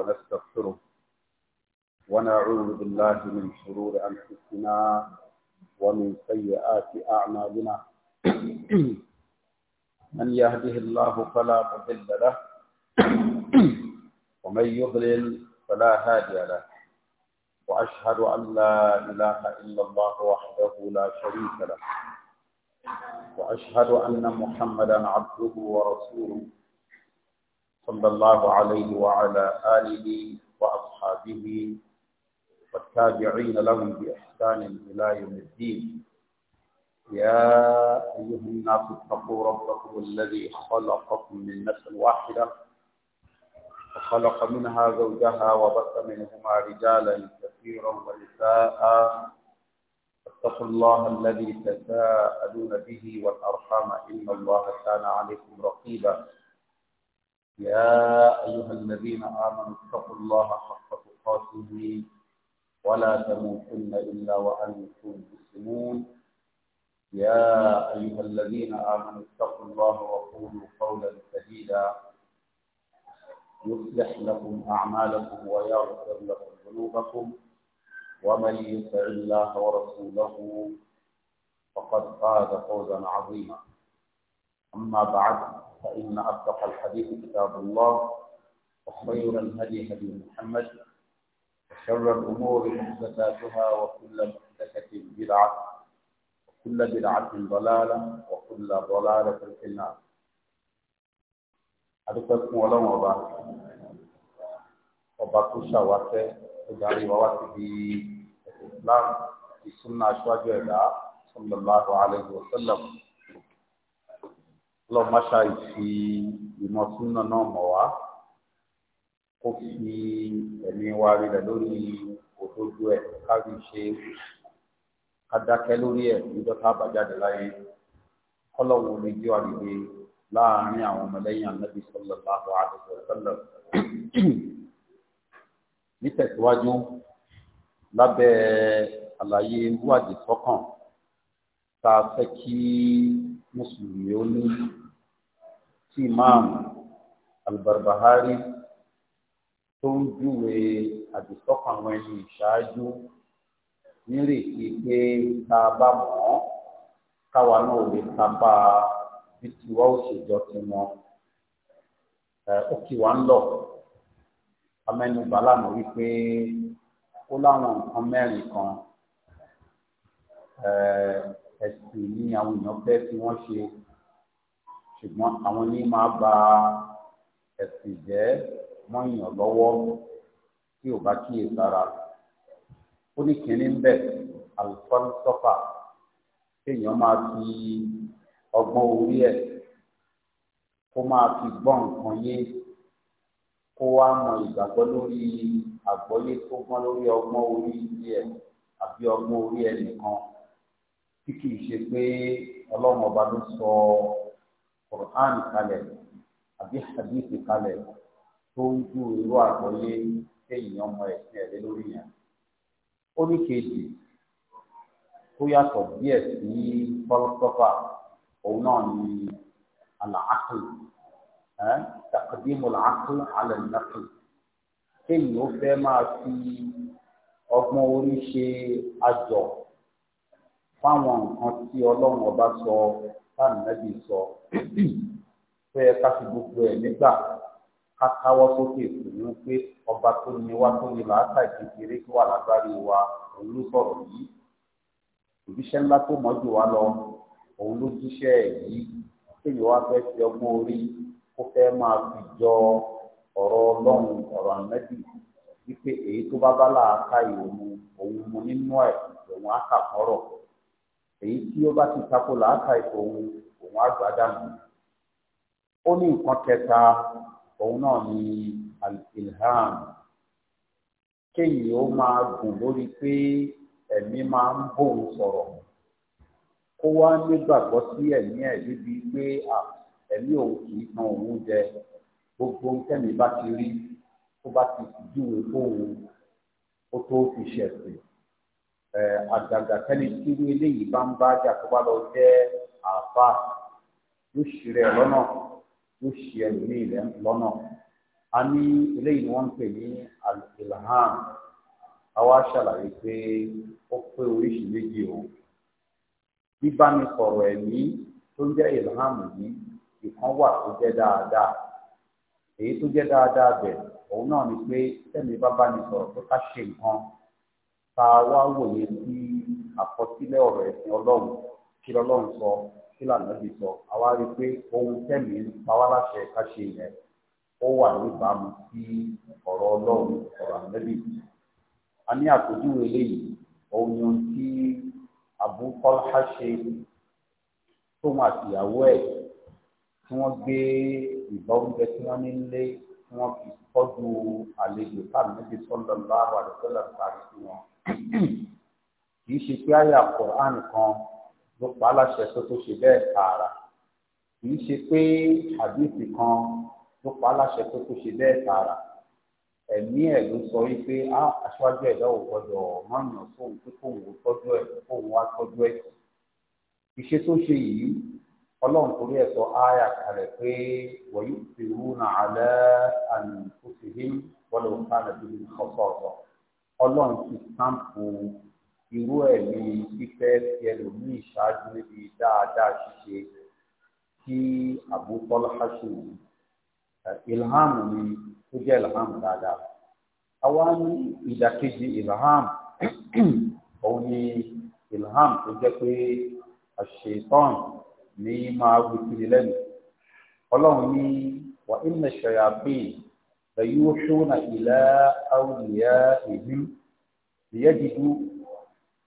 ونستغفره ونعوذ بالله من شرور أنفسنا ومن سيئات أعمالنا من يهده الله فلا مضل له ومن يضلل فلا هادي له وأشهد أن لا إله إلا الله وحده لا شريك له وأشهد أن محمدا عبده ورسوله صلى الله عليه وعلى آله وأصحابه والتابعين لهم بإحسان إلى يوم الدين يا أيها الناس اتقوا ربكم الذي خلقكم من نفس واحدة وخلق منها زوجها وبث منهما رجالا كثيرا ونساء اتقوا الله الذي تساءلون به والأرحام إن الله كان عليكم رقيبا يا أيها الذين آمنوا اتقوا الله حق تقاته ولا تموتن إلا وأنتم مسلمون يا أيها الذين آمنوا اتقوا الله وقولوا قولا سديدا يصلح لكم أعمالكم ويغفر لكم ذنوبكم ومن يطع الله ورسوله فقد فاز فوزا عظيما أما بعد فإن أصدق الحديث كتاب الله وخير الهدي هدي محمد وشر الأمور محدثاتها وكل محدثة بدعة وكل بدعة ضلالة وكل ضلالة في النار adúpẹ́ fún ọlọ́run ọba ọba tó ṣàwáṣẹ́ tó في wa wá صلى الله عليه وسلم lọ́ọ́ máṣá ìfi ìmọ̀ súnà náà mọ̀ wá kó fi ẹ̀mí wa rinlẹ̀ lórí òdodo ẹ̀ kárí ṣe adákẹ́ lórí ẹ̀ níjọ́ tá a bá jáde láyé kọ́lọ́wọ́ ní jẹ́ àdìgbé láàárín àwọn ọmọlẹ́yìn ànábì sallallahu alaihi wasallam nítẹ̀síwájú lábẹ́ àlàyé wádìí sọ́kàn tá a fẹ́ kí mùsùlùmí ó ní imam albarbahari tó ń júwe àdìsọ́kàn àwọn ẹni ìṣáájú nírètí pé tá a bá mọ̀ ọ́ káwa náà lè tapá bí tiwa ó ṣe jọ tiwọn ó kì wá ń lọ amẹnubà lánàá wípé ó láwọn nǹkan mẹ́rin kan ẹ̀sìn ní àwọn èèyàn fẹ́ fi wọ́n ṣe ṣùgbọ́n àwọn ní máa ba ẹ̀sìn jẹ́ mọ́yàn lọ́wọ́ tí ò bá kíyè sára ó ní kínní ń bẹ alifọ́nsọ́fà kéèyàn máa fi ọgbọ́n orí ẹ̀ kó máa fi gbọ́ nǹkan yé kó wá mọ ìgbàgbọ́ lórí àgbọ́yé tó gbọ́n lórí ọgbọ́n orí ilé ẹ̀ àbí ọgbọ́n orí ẹ̀ nìkan tí kìí ṣe pé ọlọ́run ọba ló sọ ọ́. Quran kalẹ̀ àbí hadith kalẹ̀ tó ń ju irú àgbọ́yé téèyàn ọmọ ẹ̀sìn ẹ̀ lé lórí yẹn. ó ní kejì tó yàtọ̀ díẹ̀ sí fọlọ́sọ́fà òun náà ní àlàákùn taqdimu al-aql ala an-naql kéèyàn ó fẹ́ máa fi ọgbọ́n orí ṣe àjọ fáwọn nǹkan tí ọlọ́run ọba sọ fáànàbì sọ pé ká fi gbogbo ẹ̀ nígbà ká sókè fún pé ọba tó ní wá tó ní làákà kékeré tó wà lágbárí wa òun ló sọ̀rọ̀ yìí òjíṣẹ́ ńlá tó mọ́jú lọ òun ló jíṣẹ́ yi yìí kéèyàn wá fẹ́ fi ọgbọ́n orí kó fẹ́ máa fi jọ ọrọ ọlọ́run wípé èyí tó bá bá làákà ìhòòhùn òun nínú òun á èyí tí ó bá ti tako làákà òun òun àgbàdàmù ó ní nǹkan kẹta òun náà ni alfilham kéyìí ó máa gùn lórí pé ẹ̀mí máa ń bóun sọ̀rọ̀ kó wá nígbàgbọ́ sí ẹ̀mí ẹ̀ níbi pé ẹ̀mí òun kì í tan òun jẹ gbogbo tẹ̀mí bá ti rí tó bá ti júwe fóun ó tó fi ṣẹ̀sìn. àgàgà tẹ́lẹ̀ tíru eléyìí bá ń bá jà tó bá lọ jẹ́ àfa yóò ṣì rẹ̀ lọ́nà yóò ṣì ẹlòmíì rẹ̀ lọ́nà a ní eléyìí ni wọ́n ń pè ní al-ilham àwa ṣàlàyé pé ó pé oríṣi méjì o bíbánisọ̀rọ̀ ẹ̀mí tó ń jẹ́ ilham yìí ìkan wà tó jẹ́ dáadáa èyí tó jẹ́ dáadáa bẹ̀ òun náà ni pé tẹ̀mí bá bá ní sọ̀rọ̀ pé ká ṣe nǹkan tá a wá wòye sí àkọsílẹ̀ ọ̀rọ̀ ẹ̀sìn ọlọ́run kí lọ́lọ́run sọ kí lànàbí sọ àwa rí i pé ohun tẹ̀mí ń pa wá láṣẹ ká ṣe yẹn ó wà níbàámu sí ọ̀rọ̀ ọlọ́run ọ̀rọ̀ ànàbí. a ní àpèjúwe eléyìí ohun yẹn tí Abu Talha ṣe tóun àtìyàwó ẹ̀ tí wọ́n gbé ìbọn oúnjẹ tí wọ́n ní lé wọ́n fi tọ́jú àlejò táàmì níbi sọ́ńdọ̀ ńlá àwọn àdìsọ́lá tààrí sí wọn. kì í ṣe pé àyà Quran kan ló pa á láṣẹ tó tó ṣe bẹ́ẹ̀ tààrà kì í ṣe pé àdìsí kan ló pa á láṣẹ tó tó ṣe bẹ́ẹ̀ tààrà ẹ̀mí ẹ̀ ló sọ wípé aṣáájú ẹ̀dá ò gbọdọ̀ mọ̀nà fóun pé kóun ò tọ́jú ẹ̀ kóun wá tọ́jú ẹ̀ ìṣe tó ṣe yìí ọlọ́run torí ẹ̀ sọ ááyà kalẹ̀ pé wọ́n yóò fi rúnà alẹ́ àmì òṣèlú wọ́n lè wọ́n ká lẹ́bi ní ọ̀sọ̀ọ̀sọ̀ ọlọ́run ti sáǹpù irú ẹ̀mí fífẹ́ fi ẹlòmíì ṣáájú níbi dáadáa ṣíṣe tí àbúkọ́lá ṣáṣùn ilham ni ó jẹ́ ilham dáadáa. àwa ní ìdàkejì ilham òun ni ilham tó jẹ́ pé àṣetán ní máa wí lẹ́nu ọlọ́run ní wà ìmẹ̀ṣẹ̀yà bíi. فيوحون إلى أوليائهم ليجدوا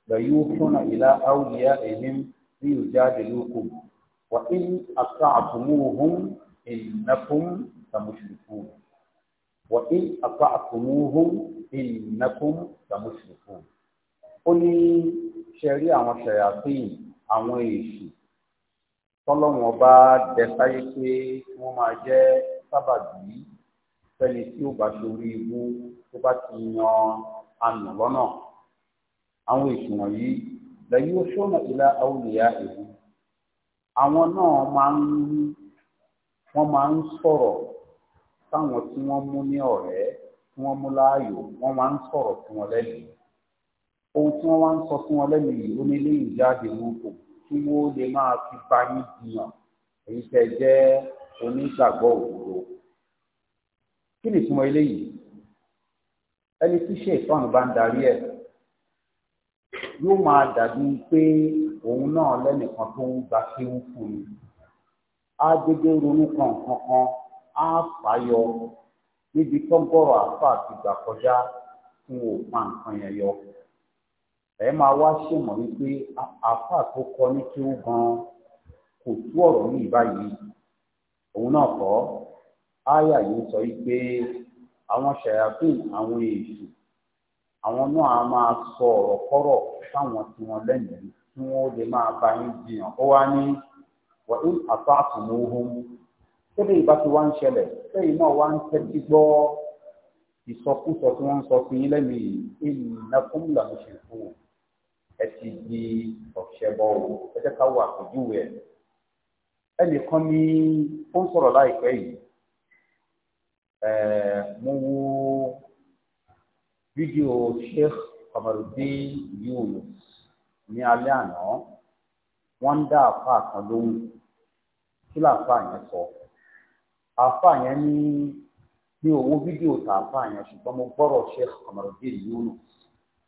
فيوحون إلى أوليائهم ليجادلوكم وإن أطعتموهم إنكم لمشركون وإن أطعتموهم إنكم لمشركون ó شريعة ṣẹ̀rí àwọn ṣẹ̀yàpín àwọn èṣù tọ́lọ́wọ́n bá pé wọ́n máa jẹ́ sábàbí fẹ́ni tí ó bá ṣorí ibú tó bá ti yan àná lọ́nà àwọn èsì wọ̀nyí lẹ́yìn oṣooṣù ilá awùlẹ̀yà èyí àwọn náà máa ń wọ́n máa ń sọ̀rọ̀ táwọn tí wọ́n mú ní ọ̀rẹ́ tí wọ́n mú láàyò wọ́n máa ń sọ̀rọ̀ fún wọn lẹ́nu ohun tí wọ́n wá ń sọ fún wọn lẹ́nu yìí ó ní ilé ìjáde lóko tí wọ́n lè máa fi bá dìyàn èyí tẹ́ jẹ́ onígbàgbọ́ òdodo kí ni ìtumọ̀ eléyìí ẹni tí ṣètọ́nù bá ń darí ẹ̀ yóò máa dàbí pé òun náà lẹ́nìkan tó ń gba kéwú fún mi á dédé ronú kan nǹkan kan á fàyọ níbi tó gbọ́rọ̀ àfa àti gbà kọjá fún òpá nǹkan yẹn yọ ẹ máa wá ṣèmọ̀ wípé àfa tó kọ ní kéwú gan kò tú ọ̀rọ̀ ní ìbáyìí òun náà kọ́ ọ́ áyà yìí sọ pé àwọn ṣàyàfín àwọn èṣù àwọn náà á máa sọ ọ̀rọ̀ kọ́rọ̀ fáwọn tí wọ́n lẹ́yìn tí wọ́n lè máa bá yín jiyàn ó wá ní wà ní àfáàtúmọ̀ọ́hún tẹ́lẹ̀ ìbá ti wá ń ṣẹlẹ̀ tẹ́yìn náà wá ń tẹ́tí gbọ́ ìsọkúsọ tí wọ́n ń sọ fún yín lẹ́mìí ìnákùn làwọn ṣe fún un ẹ ti di ọ̀ṣẹ́ bọ́ ọ ẹ jẹ́ ká wà pẹ̀lú ẹ̀ ẹnìkan ni ó ń sọ̀rọ̀ láìpẹ́ yìí Eh, mo wo fídíò Sheikh Kamarudin Yunus ní alẹ́ àná wọ́n ń dá àfa kan lóhùn kí làáfà yẹn sọ àfa yẹn ní ní owó fídíò tààfà yẹn ṣùgbọ́n mo gbọ́rọ̀ Sheikh Kamarudin Yunus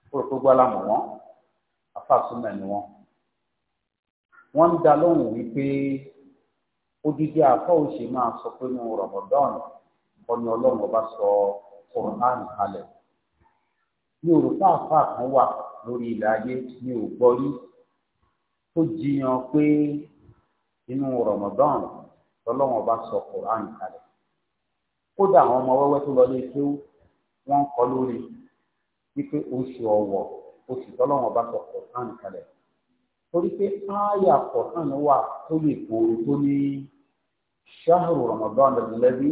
kó tó gbọ́ lámọ̀ wọn àfa súnmọ́ ni wọ́n ń dá lóhùn wípé odidi àfa ò ṣe máa sọ pé mo Ramadan ọ̀nà ọlọ́run ọba sọ Quran kalẹ̀ mi ò rò pé àfa kan wà lórí ilẹ̀ ayé mi ò gbọ́ rí tó jiyàn pé inú Ramadan ọlọ́run ọba sọ Quran kalẹ̀ kódà àwọn ọmọ wẹ́wẹ́ tó lọ lé tó wọ́n kọ́ lórí wípé oṣù ọ̀wọ̀ oṣù tọ́lọ́wọ́n bá sọ Quran kalẹ̀ torí pé ááyà Quran wà tó lè kóoru tó ní ṣáàrù Ramadan lẹ́bí.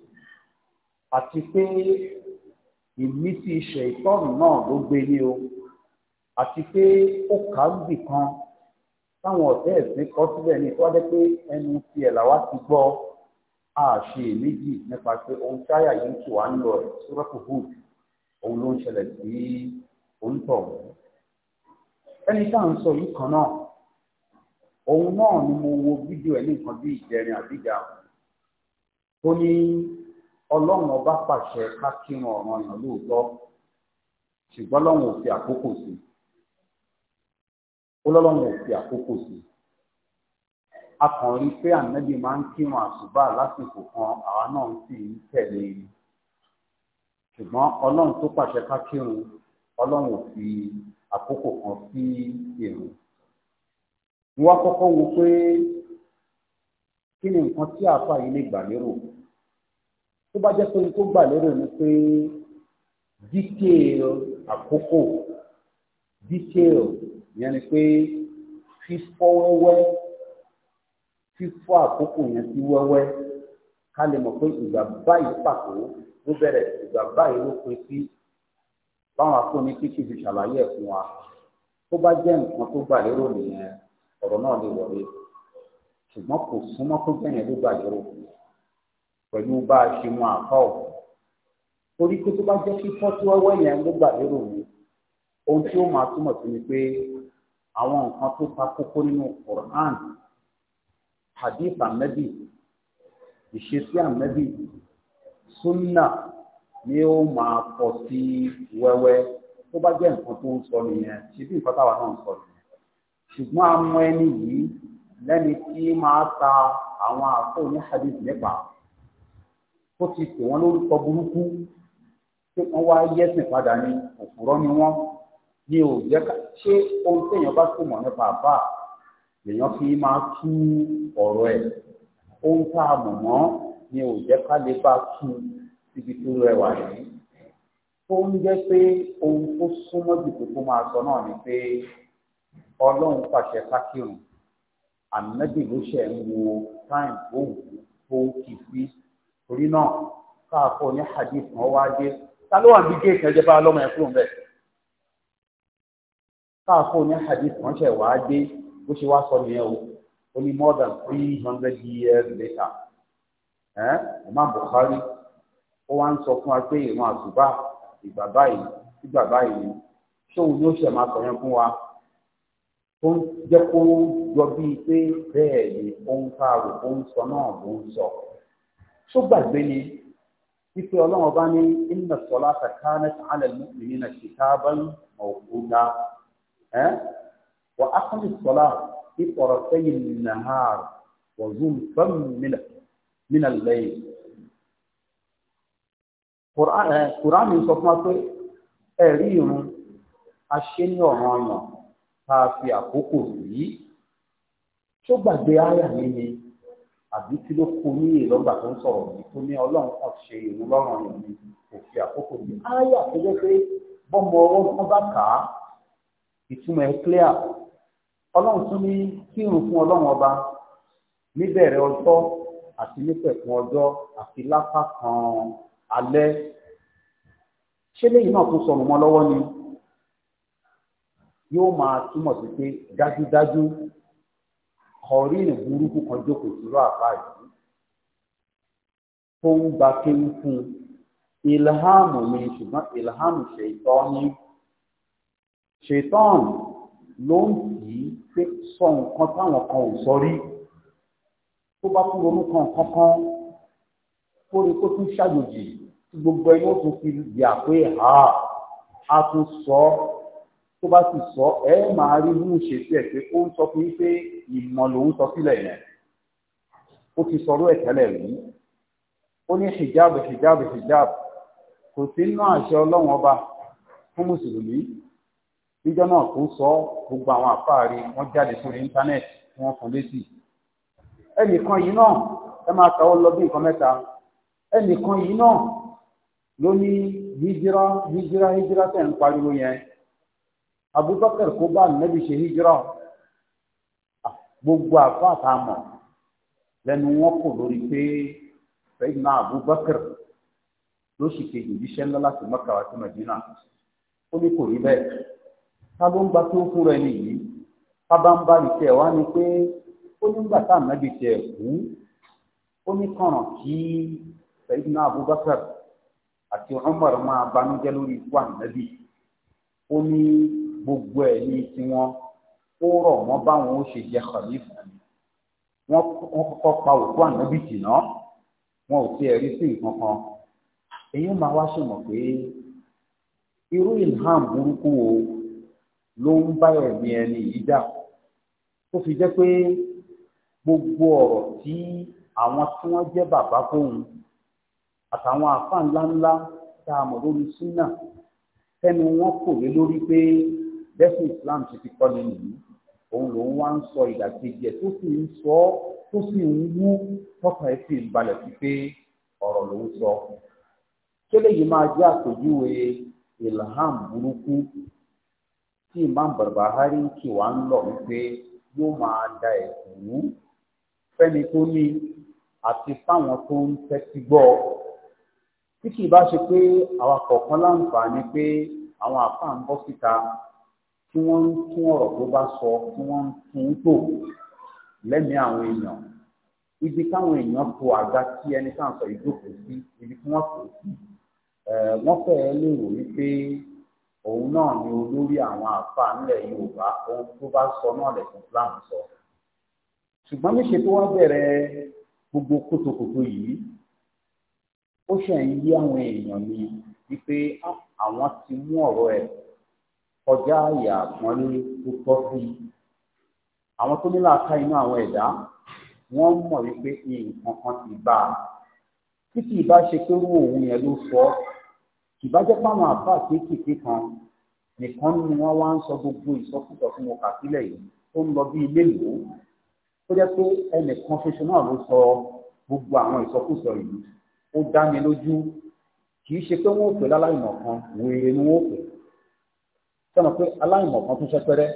àti pé ìmísí ṣèitọ́nù náà ló gbé ní o àti pé ó kà ń bì kan táwọn ọ̀tẹ́ ẹ̀sìn kọ́ síbẹ̀ ní ìtọ́jẹ́ pé ẹnu tiẹ̀ làwa ti gbọ́ àṣe méjì nípa pé ohun táyà yìí ń tù wá ń lọ ẹ̀ sọ́rọ́pù hood òun ló ń ṣẹlẹ̀ sí òǹtọ̀ ẹni tá à ń sọ yìí kan náà òun náà ni mo wo fídíò ẹ̀ ní nǹkan bí ìjẹrin àbíjà tó ní ọlọ́run ọba pàṣẹ ká kírun ọ̀ràn yàn lóòótọ́ ṣùgbọ́n ọlọ́run ò fi àkókò sí ọlọ́run ò fi àkókò sí a kàn rí i pé ànábì máa ń kírun àṣùbà lásìkò kan àwa náà sì ń tẹ̀lé e ṣùgbọ́n ọlọ́run tó pàṣẹ ká kírun ọlọ́run ò fi àkókò kan sí irun wọ́n kọ́kọ́ wo pé kí ni nǹkan tí àáfàá yìí lè gbà lérò tó bá jẹ́ pé n tó gbà lérò ni pé detail àkókò detail yẹn ni pé fífọ́ wẹ́wẹ́ fífọ́ àkókò yẹn sí wẹ́wẹ́ ká lè mọ̀ pé ìgbà báyìí pàtó ló bẹ̀rẹ̀ ìgbà báyìí ló pin sí báwọn afúnni kíkì fi ṣàlàyé ẹ̀ fún wa tó bá jẹ́ nǹkan tó gbà lérò nìyẹn ọ̀rọ̀ náà lè wọlé ṣùgbọ́n kò súnmọ́ tó bẹ̀yẹn ló gbà lérò fún wa pẹ̀lú bá a ṣe mu àfa ò torí pé tó bá jẹ́ kí fọ́tí wọ́wọ́ yẹn ló gbà lérò mi ohun tí ó máa túmọ̀ sí ni pé àwọn nǹkan tó ta kókó nínú Quran hadith anabi ìṣesí anabi sunna ni ó máa pọ̀ sí wẹ́wẹ́ tó bá jẹ́ nǹkan tó ń sọ nìyẹn ṣe bí nǹkan táwa náà ń sọ nìyẹn ṣùgbọ́n a ẹni yìí lẹ́ni tí máa ta àwọn àfọ̀ ní hadith nípa ó ti pè wọ́n lórúkọ burúkú pé wọ́n wá yẹ́sìn padà ní òpùrọ́ ni wọ́n ní ò jẹ́ ká ṣé ohun téèyàn bá tó mọ̀ nípa àbá lèèyàn fi máa tú ọ̀rọ̀ ẹ̀ ohun tá a mọ̀ mọ́ ni ò jẹ́ ká lè bá tú ibi tó rẹwà yìí tó ń jẹ́ pé ohun tó súnmọ́ jù tó máa sọ náà ni pé ọlọ́run pàṣẹ kákírun ànábì ló ṣẹ̀ ń wo táìmù tó ń kì sí torí náà káàkó ní hadith wọn wá dé ta ló wà ní géètì ẹjẹ bá lọ́mọ ẹ̀kú ń bẹ̀ ní hadith wọn ṣẹ̀ wá dé bó ṣe wá sọ nìyẹn o ó ní more than three hundred years later ẹ̀ Imam Bukhari ó wá ń sọ fún wa pé ìran àtúbà ìgbà báyìí ìgbà báyìí ṣóun ni ó ṣe máa sọ yẹn fún wa tó ń jẹ́ kó jọ bíi pé bẹ́ẹ̀ ni ó ń ká ó ń sọ náà ló ń sọ tó gbàgbé ni wípé ọlọ́run ọba ní inna salata kanat ala al-mu'minina kitaban mawquta wa aqimi as-salata طرفي النهار وزلفا من من الليل قرآن قرآن sọ fún wa pé ẹ̀rí irun aṣẹ́ ní ọ̀ràn ọ̀nà tá a fi àkókò yìí tó gbàgbé àyà mi ni àbí kí ló kú ní ìlọ́gbà tó ń sọ̀rọ̀ yìí tó ní ọlọ́run kan ṣe ìlú lọ́rùn yìí ni kò fi àkókò yìí. ayé àtẹ́jọ́ pé bọ́mọ ọwọ́ kan bá kà á ìtumọ̀ ẹ̀ clear ọlọ́run tún ní kírun fún ọlọ́run ọba níbẹ̀rẹ̀ ọjọ́ àti nípẹ̀kun ọjọ́ àti lápá kan alẹ́ ṣé lẹ́yìn náà tó sọnù mọ́ lọ́wọ́ ni yóò máa túmọ̀ sí pé dájúdájú kọrí ìburúkú kan jókòó sírò àbá yìí tó ń gba kéwú fún ilhamu mi ṣùgbọ́n ilhamu ṣètọ́ni ṣètọ́ni ló ń tì í pé sọ nǹkan táwọn kan ò sọ rí tó bá tún ronú kan kankan kó rí kó tún ṣàjòjì tí gbogbo ẹni ó tún fi yà pé a tún sọ tó bá sì sọ ẹ máa rí inú ṣe sí ẹ pé ó ń sọ fún yín pé ìmọ̀ lòún sọ sílẹ̀ yẹn ó ti sọ̀rọ̀ ẹ̀ tẹ́lẹ̀ rí ó ní hijab hijab hijab kò sí nínú àṣẹ ọlọ́run ọba fún mùsùlùmí níjọ́ náà tó sọ gbogbo àwọn àfáàrí wọn jáde sórí íńtánẹ́ẹ̀tì tí wọ́n fún létí ẹnìkan yìí náà ẹ máa tàwọ́ lọ bí nǹkan mẹ́ta ẹnìkan yìí náà ló ní hijira hijira hijira tẹ̀ ń pariwo yẹn Abubakar kó bá nàbì ṣe hijira gbogbo àfa àtàmọ̀ lẹ́nu wọn kò lórí pé fẹ́yìnà Abubakar ló sì kejì jíṣẹ́ ńlá láti Mẹ́kà wá sí Mẹ́dínà ó ní kò rí bẹ́ẹ̀ ká ló ń gba tó fún rẹ nìyí ká bá ń bá rí tiẹ̀ wá ni pé ó nígbà tá ànábì tiẹ̀ kú ó ní kànràn kí fẹ́yìnà Abubakar àti Umar máa banújẹ́ lórí ikú ànábì ó ní gbogbo ẹ̀ ní tiwọn ó rọ̀ wọ́n báwọn ó ṣe jẹ́ khalifa wọ́n kọ́kọ́ pa òkú ànábì tì náà wọn ò tiẹ̀ rí sí nǹkan kan èyí máa wá ṣèmọ̀ pé irú ilham burúkú o ló ń bá ẹ̀mí ẹni yìí dà tó fi jẹ́ pé gbogbo ọ̀rọ̀ tí àwọn tí wọ́n jẹ́ bàbá fóun àtàwọn àfa ńláńlá tá a mọ̀ lórí súnà tẹnu wọn kò lé lórí pé bẹ́sẹ̀ islam ti fi kọ́ ni nìyí òun lòun wá ń sọ ìdàkejì ẹ̀ tó sì ń sọ ọ́ tó sì ń wú tọ́ka ẹ̀ sì ń balẹ̀ sí pé ọ̀rọ̀ lòun sọ. ṣé léyìí máa jẹ́ àpèjúwe ilham burúkú tí imam barbahari ń kì wá ń lọ wípé yóò máa da ẹ̀sìn wú fẹ́ni tó ní àti fáwọn tó ń tẹ́tí gbọ́ tí kì í bá ṣe pé àwọn kọ̀ọ̀kan láǹfààní pé àwọn àpá ń bọ́ síta tí wọ́n ń tún ọ̀rọ̀ tó bá sọ tí wọ́n ń tún tò lẹ́mìí àwọn èèyàn ibi táwọn èèyàn to àga tí ẹni tá à ń sọ ìjókòó sí ibi tí wọ́n tò sí wọ́n fẹ́ẹ́ lè rò wípé òun náà ni olórí àwọn àfa nílẹ̀ Yorùbá ohun tó bá sọ náà lẹ̀sìn Islam sọ ṣùgbọ́n níṣe tó wá bẹ̀rẹ̀ gbogbo kótókótó yìí ó ṣe ń yí àwọn èèyàn ni wípé ah, àwọn ti mú ọ̀rọ̀ ẹ̀ ọjà àyà àpọ́nlé tó tọ́ sí i àwọn tó ní làákà inú àwọn ẹ̀dá wọ́n mọ̀ wípé nǹkan kan ti bá a tí kì í bá ṣe pé irú òun yẹn ló sọ kì bá jẹ́ pàmò àbá kéékèèké kan nìkan ni wọ́n wá ń sọ gbogbo ìsọkúsọ fún mo kà sílẹ̀ yìí tó ń lọ bí ilé ìlú tó jẹ́ pé ẹnìkan ṣoṣo náà ló sọ gbogbo àwọn ìsọkúsọ yìí ó dá mi lójú kì í ṣe pé wọ́n ò pè láláìmọ̀ kan wèrè ni wọ́n ò pè sọ̀rọ̀ pé aláìmọ̀kan tún ṣẹpẹrẹ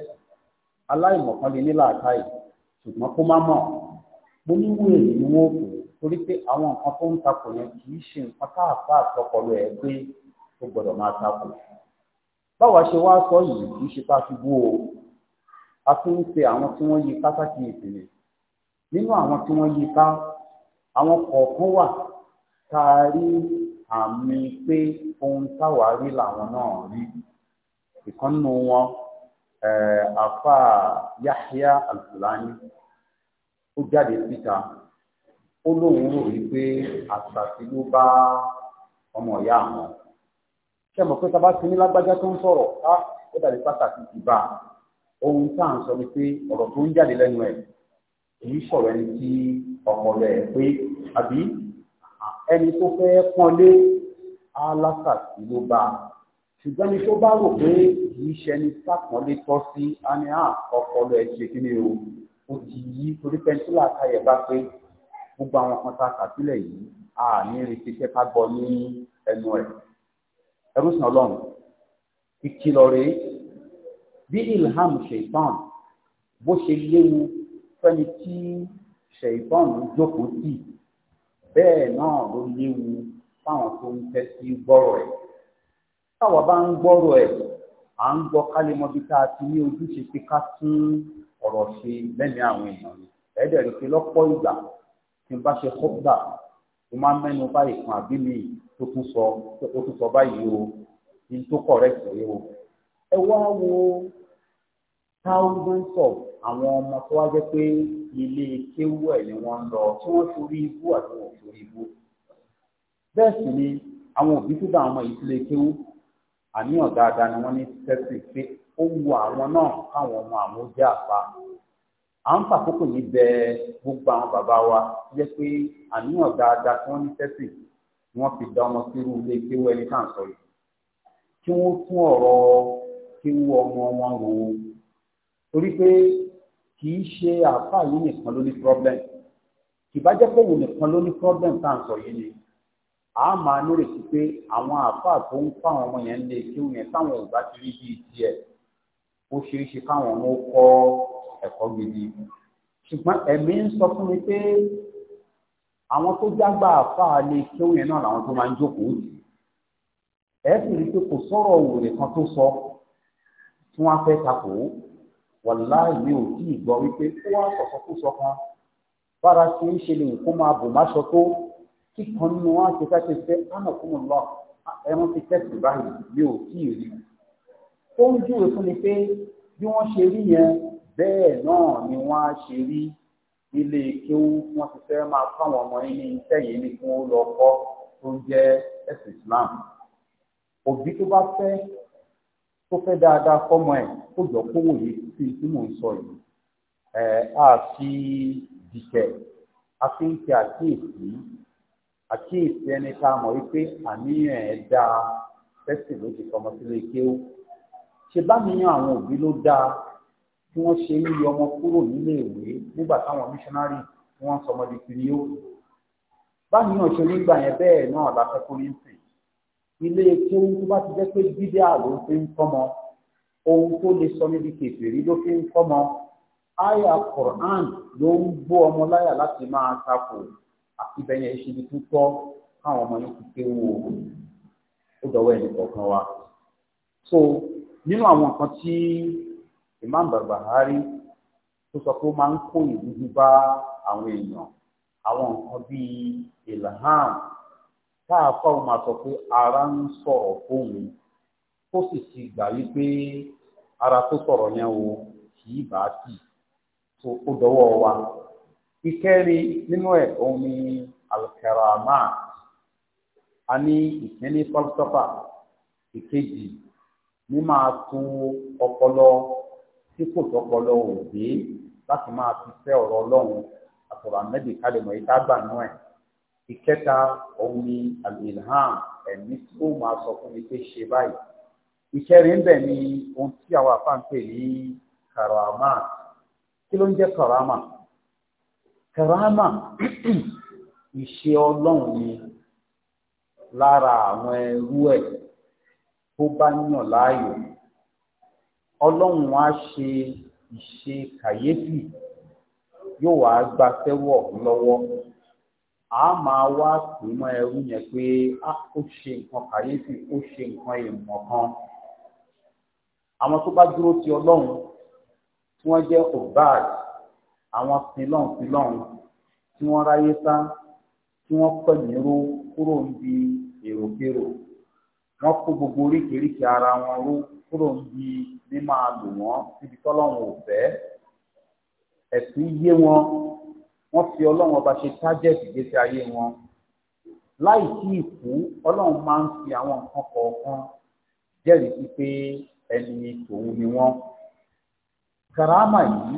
aláìmọ̀kan lè ní làákàyè ṣùgbọ́n kó má mọ̀ gbóníwò èyí ni wọ́n kù torí pé àwọn nǹkan tó ń takò yẹn kì í ṣe nǹkan tá àfa àtọkọlọ ẹ̀ pé ó gbọ́dọ̀ máa takò báwa ṣe wá sọ yìí kì í ṣe ká fi bú o a fi ń pe àwọn tí wọ́n yí pátákì ìpìlẹ̀ nínú àwọn tí wọ́n yí ká àwọn kọ̀ọ̀kan wà tá a rí àmì pé ohun táwa rí làwọn náà rí ìkànnù wọn afa Yahya Al-Fulani ó jáde síta ó lóun rò wípé àtàtì ló bá ọmọ ìyá àwọn ṣé mo pé sábà ti ní lágbájá tó ń sọ̀rọ̀ á ó dàbí pàtàkì ti bá ohun tá à ń sọ ni pé ọ̀rọ̀ tó ń jáde lẹ́nu ẹ̀ kì í ẹni tí ọpọlọ ẹ̀ pé àbí ẹni tó fẹ́ pọ́nlé alásàtì ló bá a ṣùgbọ́n ní tó bá rò pé kìí ṣẹni sàpọ́nlé tọ́ sí àní à ah, ọpọlọ ẹ ṣe kí ni o ó ti yí torí pẹ́ńtílà káyẹ̀ bá pé gbogbo àwọn kan tá a kà sílẹ̀ yìí a ní retí pé ká gbọ́ ní ẹnu ẹ̀ ẹrú sàn ọlọ́run ìkìlọ̀ rèé bí ilham ṣèpọ́n bó ṣe léwu fẹ́ni tí ṣèpọ́n jókòó tì bẹ́ẹ̀ náà ló léwu fáwọn tó ń tẹ́tí gbọ́rọ̀ ẹ̀ táwa bá ń gbọ́rọ̀ ẹ̀ à ń gbọ́ ká lè bí tá a ti ní ojúṣe pé ká tún ọ̀rọ̀ ṣe lẹ́mìí àwọn èèyàn ni ẹ̀ẹ́dẹ̀ rí pé lọ́pọ̀ ìgbà tí n bá ṣe kọ́gbà mo máa ń mẹ́nu báyìí kan àbí mi tó tún sọ tó tún sọ báyìí o ní tó kọ̀rẹ́tì rẹ o ẹ wá wo thousands of àwọn ọmọ tó wá jẹ́ pé ilé kéwú ẹ̀ ni wọ́n ń lọ tí wọ́n sórí ibú àti wọ́n sórí ibú bẹ́ẹ̀ sì ni àwọn òbí tó dá àwọn ọmọ yìí sílé kéwú àníyàn dáadáa ni wọ́n ní tẹ́sí pé ó wu àwọn náà káwọn ọmọ àwọn ó àpá à ń fàkókò yìí bẹ gbogbo àwọn bàbá wa jẹ́ pé àníyàn dáadáa tí wọ́n ní tẹ́sí ni wọ́n fi dá ọmọ sírú ilé kéwú ẹni tá à ń sọ yìí kí wọ́n tún ọ̀rọ̀ kéwú ọmọ wọn rò ó torí pé kì í ṣe àáfàá yìí nìkan ló ní problem kì bá jẹ́ pé òun nìkan ló ní problem tá à ń sọ yìí ni a máa nírètí pé àwọn àáfàá tó ń kọ́ àwọn ọmọ yẹn lé kéwù yẹn táwọn ò bá ti rí bíi tiẹ̀ ó ṣeé ṣe káwọn ọmọ kọ́ ẹ̀kọ́ gidi ṣùgbọ́n ẹ̀mí ń sọ fún mi pé àwọn tó jágbá àáfàá lé kéwù yẹn náà làwọn tó máa ń jókòó jù ẹ sì rí i pé kò sọ̀rọ̀ òwòrè kan tó sọ tí wọ́n á fẹ́ takò ó wàláì mi ò tí ì gbọ́ wípé ó wá sọ̀sọ́kú sọ kan bára ṣe ń ṣe lè kó máa bò má tó kíkan nínú wọn àti ká ṣe fẹ́ ọ̀nà fún un lọ ẹ̀wọ̀n ti tẹ̀sí báyìí mi ò tí ì rí ó ń júwe fún mi pé bí wọ́n ṣe rí yẹn bẹ́ẹ̀ náà ni wọ́n á ṣe rí ilé kéwú wọ́n ti fẹ́ máa fáwọn ọmọ yín ní iṣẹ́ yìí ni kí wọ́n lọ kọ́ tó ń jẹ́ ẹ̀sìn Islam òbí tó bá fẹ́ tó fẹ́ dáadáa fọ́mọ ẹ̀ kó jọ kó wòye sí tí mò ń sọ yìí ẹ̀ á fi dìkẹ̀ a fi ń ṣe àkíyèsí àkíyèsí ẹni tá a mọ̀ wípé àníyàn ẹ̀ dáa fẹ́sì ló ti fọmọ sílé kéwú ṣe bá níyàn àwọn òbí ló dáa tí wọ́n ṣe ń yọ ọmọ kúrò níléèwé nígbà táwọn missionary tí wọ́n sọmọ di kiri ó bá níyàn ṣe nígbà yẹn bẹ́ẹ̀ náà láfẹ́ kó ní sìn ilé kéwú tó bá ti jẹ́ pé bídíà ló fi ń kọ́mọ ohun tó lè sọ níbi kèfèrí ló fi ń kọ́mọ àyà Quran ló ń gbó ọmọ láyà láti máa takò ibẹ̀ yẹn ṣe ibi tó tọ́ káwọn ọmọ yẹn ti ké wo ó dọwọ́ ẹni wa. so nínú àwọn nǹkan tí Imam Barbahari tó sọ pé ó máa ń kó ìdúdú bá àwọn èèyàn àwọn nǹkan bíi ilham tá a fọ́ ara ń sọ̀rọ̀ fóun tó sì ti ara tó sọ̀rọ̀ o kì í bá tì ó wa. ìkẹrin nínú ẹ̀ òun ni alkarama a ní ìkíní falsafa ìkejì ní máa tún ọpọlọ tí kò tọpọlọ òde láti máa fi fẹ́ ọ̀rọ̀ ọlọ́run àtọ̀rọ̀ àmẹ́bí kálẹ̀mọ̀ yìí dágbà nú ẹ̀ ìkẹta òun ni alilham ẹ̀mí tí ó máa sọ fún mi pé ṣe báyìí ìkẹrin bẹ̀ ni ohun tí àwọn àfáà ní karama kí ló ń jẹ́ karama. kẹràmà ìṣe ọlọ́run ni lára àwọn ẹrú ẹ tó bá yàn láàyò ọlọ́run á ṣe ìṣe kàyéfì yóò wá gba tẹ́wọ̀ a máa wá pè mọ́ ẹrú yẹn pé ó ṣe nǹkan kàyéfì ó ṣe nǹkan kan àwọn tó ti Ọlọrun tí àwọn sílọ̀n sílọ̀n tí wọ́n ráyé sá tí wọ́n pẹ̀lú kúrò ń bi èròkérò wọ́n kó gbogbo oríkèéríkè ara wọn ró kúrò ń bi mímọ́ àlò wọn síbi tọ́lọ́run ò fẹ́ ẹ̀sìn yé wọn wọ́n fi ọlọ́run ọba ṣe tájẹ̀tì gbèsè ayé wọn láì sí ìkú ọlọ́run máa ń fi àwọn nǹkan kọ̀ọ̀kan jẹ́rìí sí pé ẹni tòun ni wọ́n. karama yìí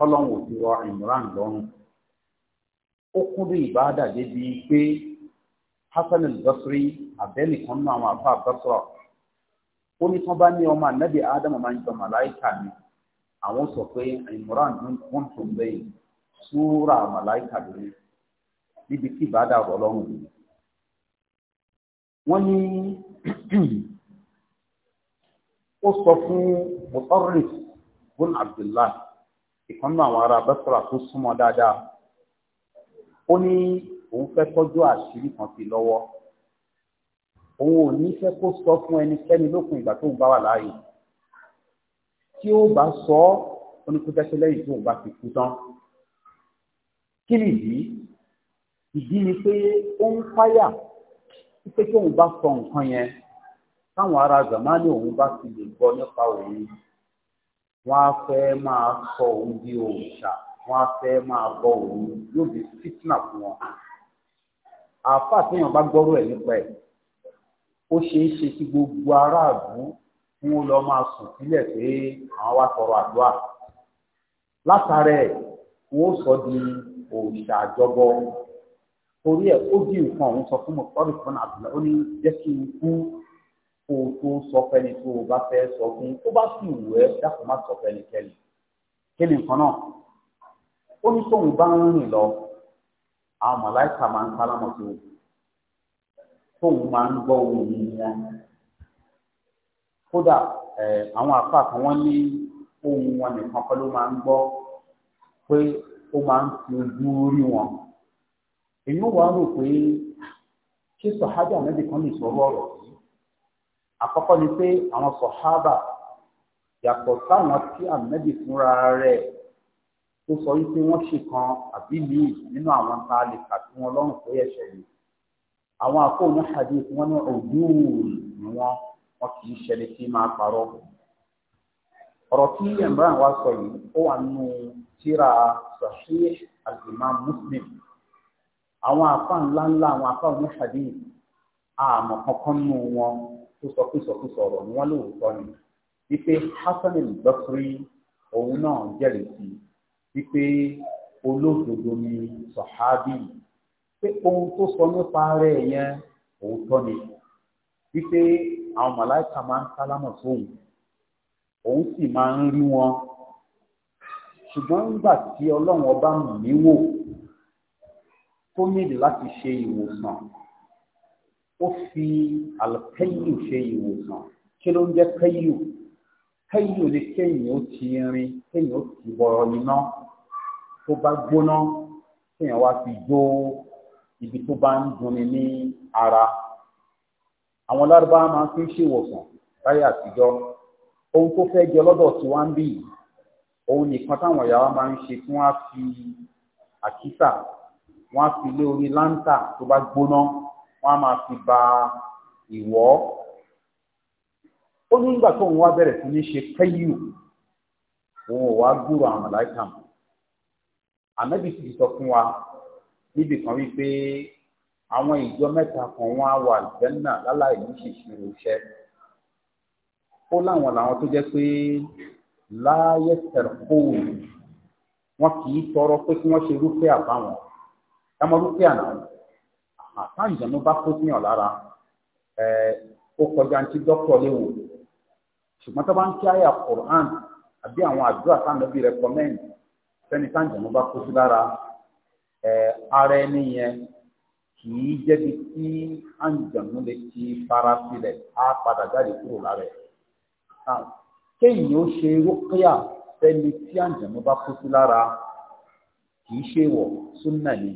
kọ́lọ́hún ò wa Imran lọ́rùn ó kúndùn ìbáàdà débi pé Hasan al-Basri abẹ́nìkan náà àwọn àfa Basra ó ní tán bá ní ọmọ ànábì Ádámù máa ń jọ màláìkà ni àwọn sọ pé Imran wọ́n tún bẹ́ẹ̀ súra màláìkà lórí níbi tí ìbáàdà rọ̀ lọ́rùn yìí wọ́n ní ó sọ ìkan náà àwọn ará bẹ́sọ̀rà tó súnmọ́ dáadáa ó ní òun fẹ́ tọ́jú àṣírí kan sí lọ́wọ́ òun ò ní fẹ́ kó sọ fún ẹnikẹ́ni lókun ìgbà tóun bá wà láàyè tí ó bá sọ ọ́ ó ní kó jẹ́ lẹ́yìn tóun bá ti kú tán kí ni ìdí ìdí ni pé ó ń fáyà pé tóun bá sọ nǹkan yẹn táwọn ará zamani òun bá ti lè gbọ́ nípa òun wọ́n á fẹ́ máa sọ òun di òòṣà wọ́n á fẹ́ máa bọ òun yóò di fitna fún wọn. àáfà téèyàn bá gbọ́rọ̀ ẹ̀ nípa ẹ̀ ó ṣeé ṣe kí gbogbo aráàlú kí wọ́n lọ máa sùn sílẹ̀ pé àwọn wá tọrọ àdúrà látara ẹ̀ wọ́n sọ di òòṣà àjọbọ orí ẹ̀ ó di nǹkan òun sọ fún mi pọ́lì fún àbúlá ó ní jẹ́ kí n kú kó o tó sọ fẹ́ni tó o bá fẹ sọ fún o bá sì wù ẹ́ dákun má sọ fẹ́ni kẹ́ni kéde nǹkan náà ó ní bá ń rìn lọ àwọn màláìka máa ń sálámọ̀ sí o tóun máa ń gbọ́ ohun ni wọ́n kódà àwọn kan ní ohun wọn nìkan kọ́ ló máa ń gbọ́ pé ó máa ń fi ojú rí wọn èyí ó wàá rò pé sọ̀hájà mẹ́bí kan àkọ́kọ́ ni pé àwọn sọ̀hábà yàtọ̀ sáwọn tí ànábì fúnra rẹ̀ tó sọ wípé wọ́n ṣì kan àbí míì nínú àwọn tá a lè kà sí wọn lọ́rùn tó yẹ̀ṣẹ̀ ni àwọn àkóhùn hadith wọn ní ọdún ni wọn wọn kì í ṣẹlẹ̀ tí máa parọ́ ọ̀rọ̀ tí Imran wa sọ yìí ó wà nínú tírà Sahih al Muslim àwọn àfa ńláńlá àwọn àfa oníṣàdé àmọ̀ kankan nù wọn tó sọ pé sọkúsọ ọ̀rọ̀ ni wọ́n lóòótọ́ ni wípé Hasan al-Basri òun náà jẹ́rìí sí wípé olódodo ni sọ̀hábì pé ohun tó sọ nípa rẹ̀ yẹn òótọ́ ni wípé àwọn màláìka máa ń sálámọ̀ sóhun òun sì máa ń rí wọn ṣùgbọ́n nígbà tí ọlọ́run ọba mú mi wò tó nílò láti ṣe ìwòsàn ó fi alkẹ́yù ṣe ìwòsàn kí ló ń jẹ́ kẹ́yù kẹ́yù ni kéèyàn ó ti rin kéèyàn ó ti bọ̀rọ̀ iná tó bá gbóná kéèyàn wá fi jó ibi tó bá ń dunni ní ara àwọn lárúbá máa fi ń ṣèwòsàn láyé àtijọ́ ohun tó fẹ́ jẹ lọ́dọ̀ tí wá ń bì òun nìkan táwọn ìyá wa máa ń ṣe kí wọ́n fi àkísà wọ́n á fi lé orí láńtà tó bá gbóná wọ́n á máa fi ba ìwọ́ ó ní ìgbà tóun wá bẹ̀rẹ̀ sí ní ṣe kẹ́yù òun ò wá gbúrò àwọn màláìkà mọ́ ànábì sì sọ fún wa níbi kan wípé àwọn ìjọ mẹ́ta kan wọ́n á wà jẹ́nà láláì ní ṣèṣirò iṣẹ́ ó láwọn làwọn tó jẹ́ pé láyé tẹ̀rẹ̀kóòlù wọn kì í tọrọ pé kí wọ́n ṣe rúfẹ́ àbáwọn ẹ mọ rúfẹ́ àná àtàǹjẹ̀nú bá kó sí yàn lára ó kọjá ní ti dọ́kítọ̀ lè wò ṣùgbọ́n tó bá ń kí àyà Qur'an àbí àwọn àdúrà táwọn ẹbí rẹ kọ́mẹ́ǹt sẹ́ni táǹjẹ̀nú bá kó sí lára ara ẹni yẹn kì í jẹ́bi tí àǹjẹ̀nú lè ti fara sílẹ̀ á padà jáde kúrò lára ẹ̀ kéèyàn ó ṣe rúkìá sẹ́ni tí àǹjẹ̀nú bá kó sí lára kì í ṣe wọ̀ súnà ni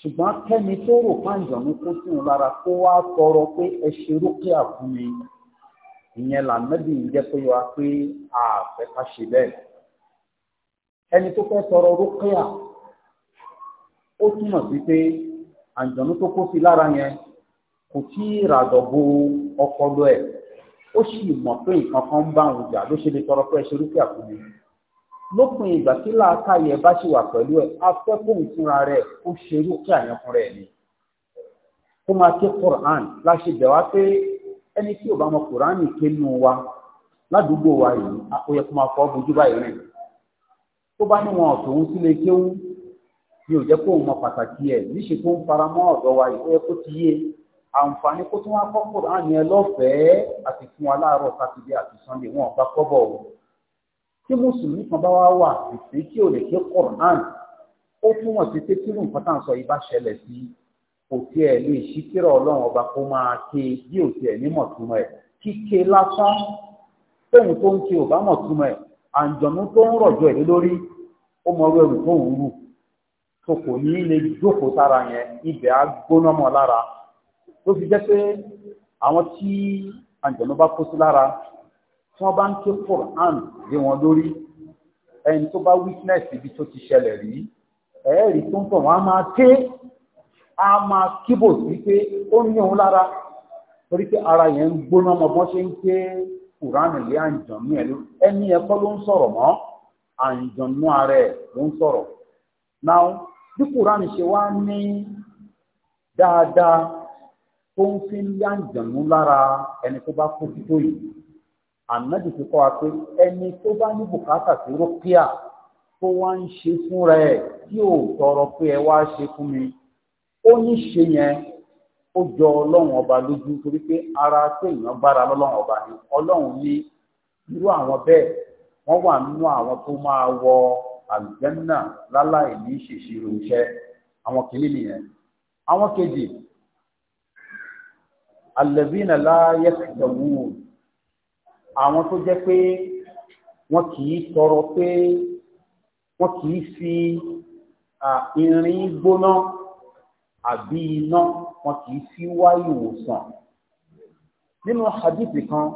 ṣùgbọ́n kẹ́ni tó rò pàǹjọ́ ní kó sí òun lára kó wá tọrọ pé ẹ ṣe rókèá fún mi ìyẹn làmẹ́bí ń jẹ́ pé wá pé àfẹ́ ká ṣe bẹ́ẹ̀ ẹni tó fẹ́ tọrọ rókèá ó túmọ̀ sí pé àǹjọ̀nú tó kó sí lára yẹn kò tí ì ràdọ̀ bo ọpọlọ ẹ̀ ó sì mọ̀ pé nǹkan kan ń bá òun jà ló ṣe lè tọrọ pé ẹ ṣe rókèá fún mi lópin ìgbà tí làákàyè bá ṣì wà pẹ̀lú ẹ̀ afẹ́kùn fúnra rẹ̀ ó ṣerú kí àyànkùn rẹ̀ ni kó máa ké Quran láṣẹ bẹ̀ wá pé ẹni tí ò bá mọ Quran kéénu wa ládùúgbò wa yìí ó yẹ kó máa fọ́ bójú báyìí rìn tó bá ní wọn ọ̀tún sílé kéwú ni ò jẹ́ kó mọ pàtàkì ẹ̀ níṣẹ́ tó ń fara mọ́ ọ̀dọ́ wa yìí ó yẹ kó ti yé àǹfààní kó tún wá kọ́ Quran yẹn lọ́fẹ̀ẹ́ àti fún wa láàárọ̀ sátidé àti sunday wọn ò bá kọ́ bọ̀ wọ́n tí mùsùlùmí kan bá wá wà ìsìn tí ò lè ké kọ̀ọ̀nán ó túmọ̀ sí pé kí nǹkan tá à ń sọ yìí bá ṣẹlẹ̀ sí kò tiẹ̀ lè ṣí kíra ọlọ́run ọba kó máa ké bí ò tiẹ̀ ní mọ̀túmọ̀ ẹ̀ kíké lásán tóun tó ń ké ò bá mọ̀túmọ̀ ẹ̀ àǹjọ̀nú tó ń rọ̀jò ẹ̀ lórí ó mọ ọrú ẹrù tóun rù tó kò ní lè jókòó sára yẹn ibẹ̀ á gbóná mọ́ lára tó fi jẹ́ pé àwọn tí àǹjọ̀nú bá kó sí lára tí wọ́n bá ń ké Quran lé wọn lórí ẹni tó bá witness ibi tó ti ṣẹlẹ̀ rí ẹ̀ẹ́rì tó ń tọ̀ wọ́n á máa ké á máa kíbò sí pé ó ní òun lára torí pé ara yẹn ń gbóná ọmọ bọ́n ṣe ń ké Kùránì lé àǹjọ̀nú ẹ̀ ló ẹni ẹ̀kọ́ ló ń sọ̀rọ̀ mọ́ àǹjọ̀nú ara ẹ̀ ló ń sọ̀rọ̀ náà bí Kùránì ṣe wá ní dáadáa tó ń fi ń yá àǹjọ̀nú lára ẹni tó bá kó tító yìí ànábì ti kọ́ wa pé ẹni tó bá ní bùkátà sí rúkìá tó wá ń ṣe fúnra ẹ̀ tí ò tọrọ pé ẹ wá ṣe fún mi ó ní ṣe yẹn ó jọ ọlọ́run ọba lójú torí pé ara pé èèyàn gbára lọ́lọ́run ọba ni ọlọ́run ní irú àwọn bẹ́ẹ̀ wọ́n wà nínú àwọn tó máa wọ àlùjẹ́nà láláì ní ṣèṣirò iṣẹ́ àwọn kìíní nìyẹn àwọn kejì alẹ́bí náà láyé kẹtẹ̀wúrò àwọn tó jẹ́ pé wọ́n kì í tọrọ pé wọ́n kì í fi irin gbóná àbí iná wọ́n kì í fi wá ìwòsàn nínú hadithi kan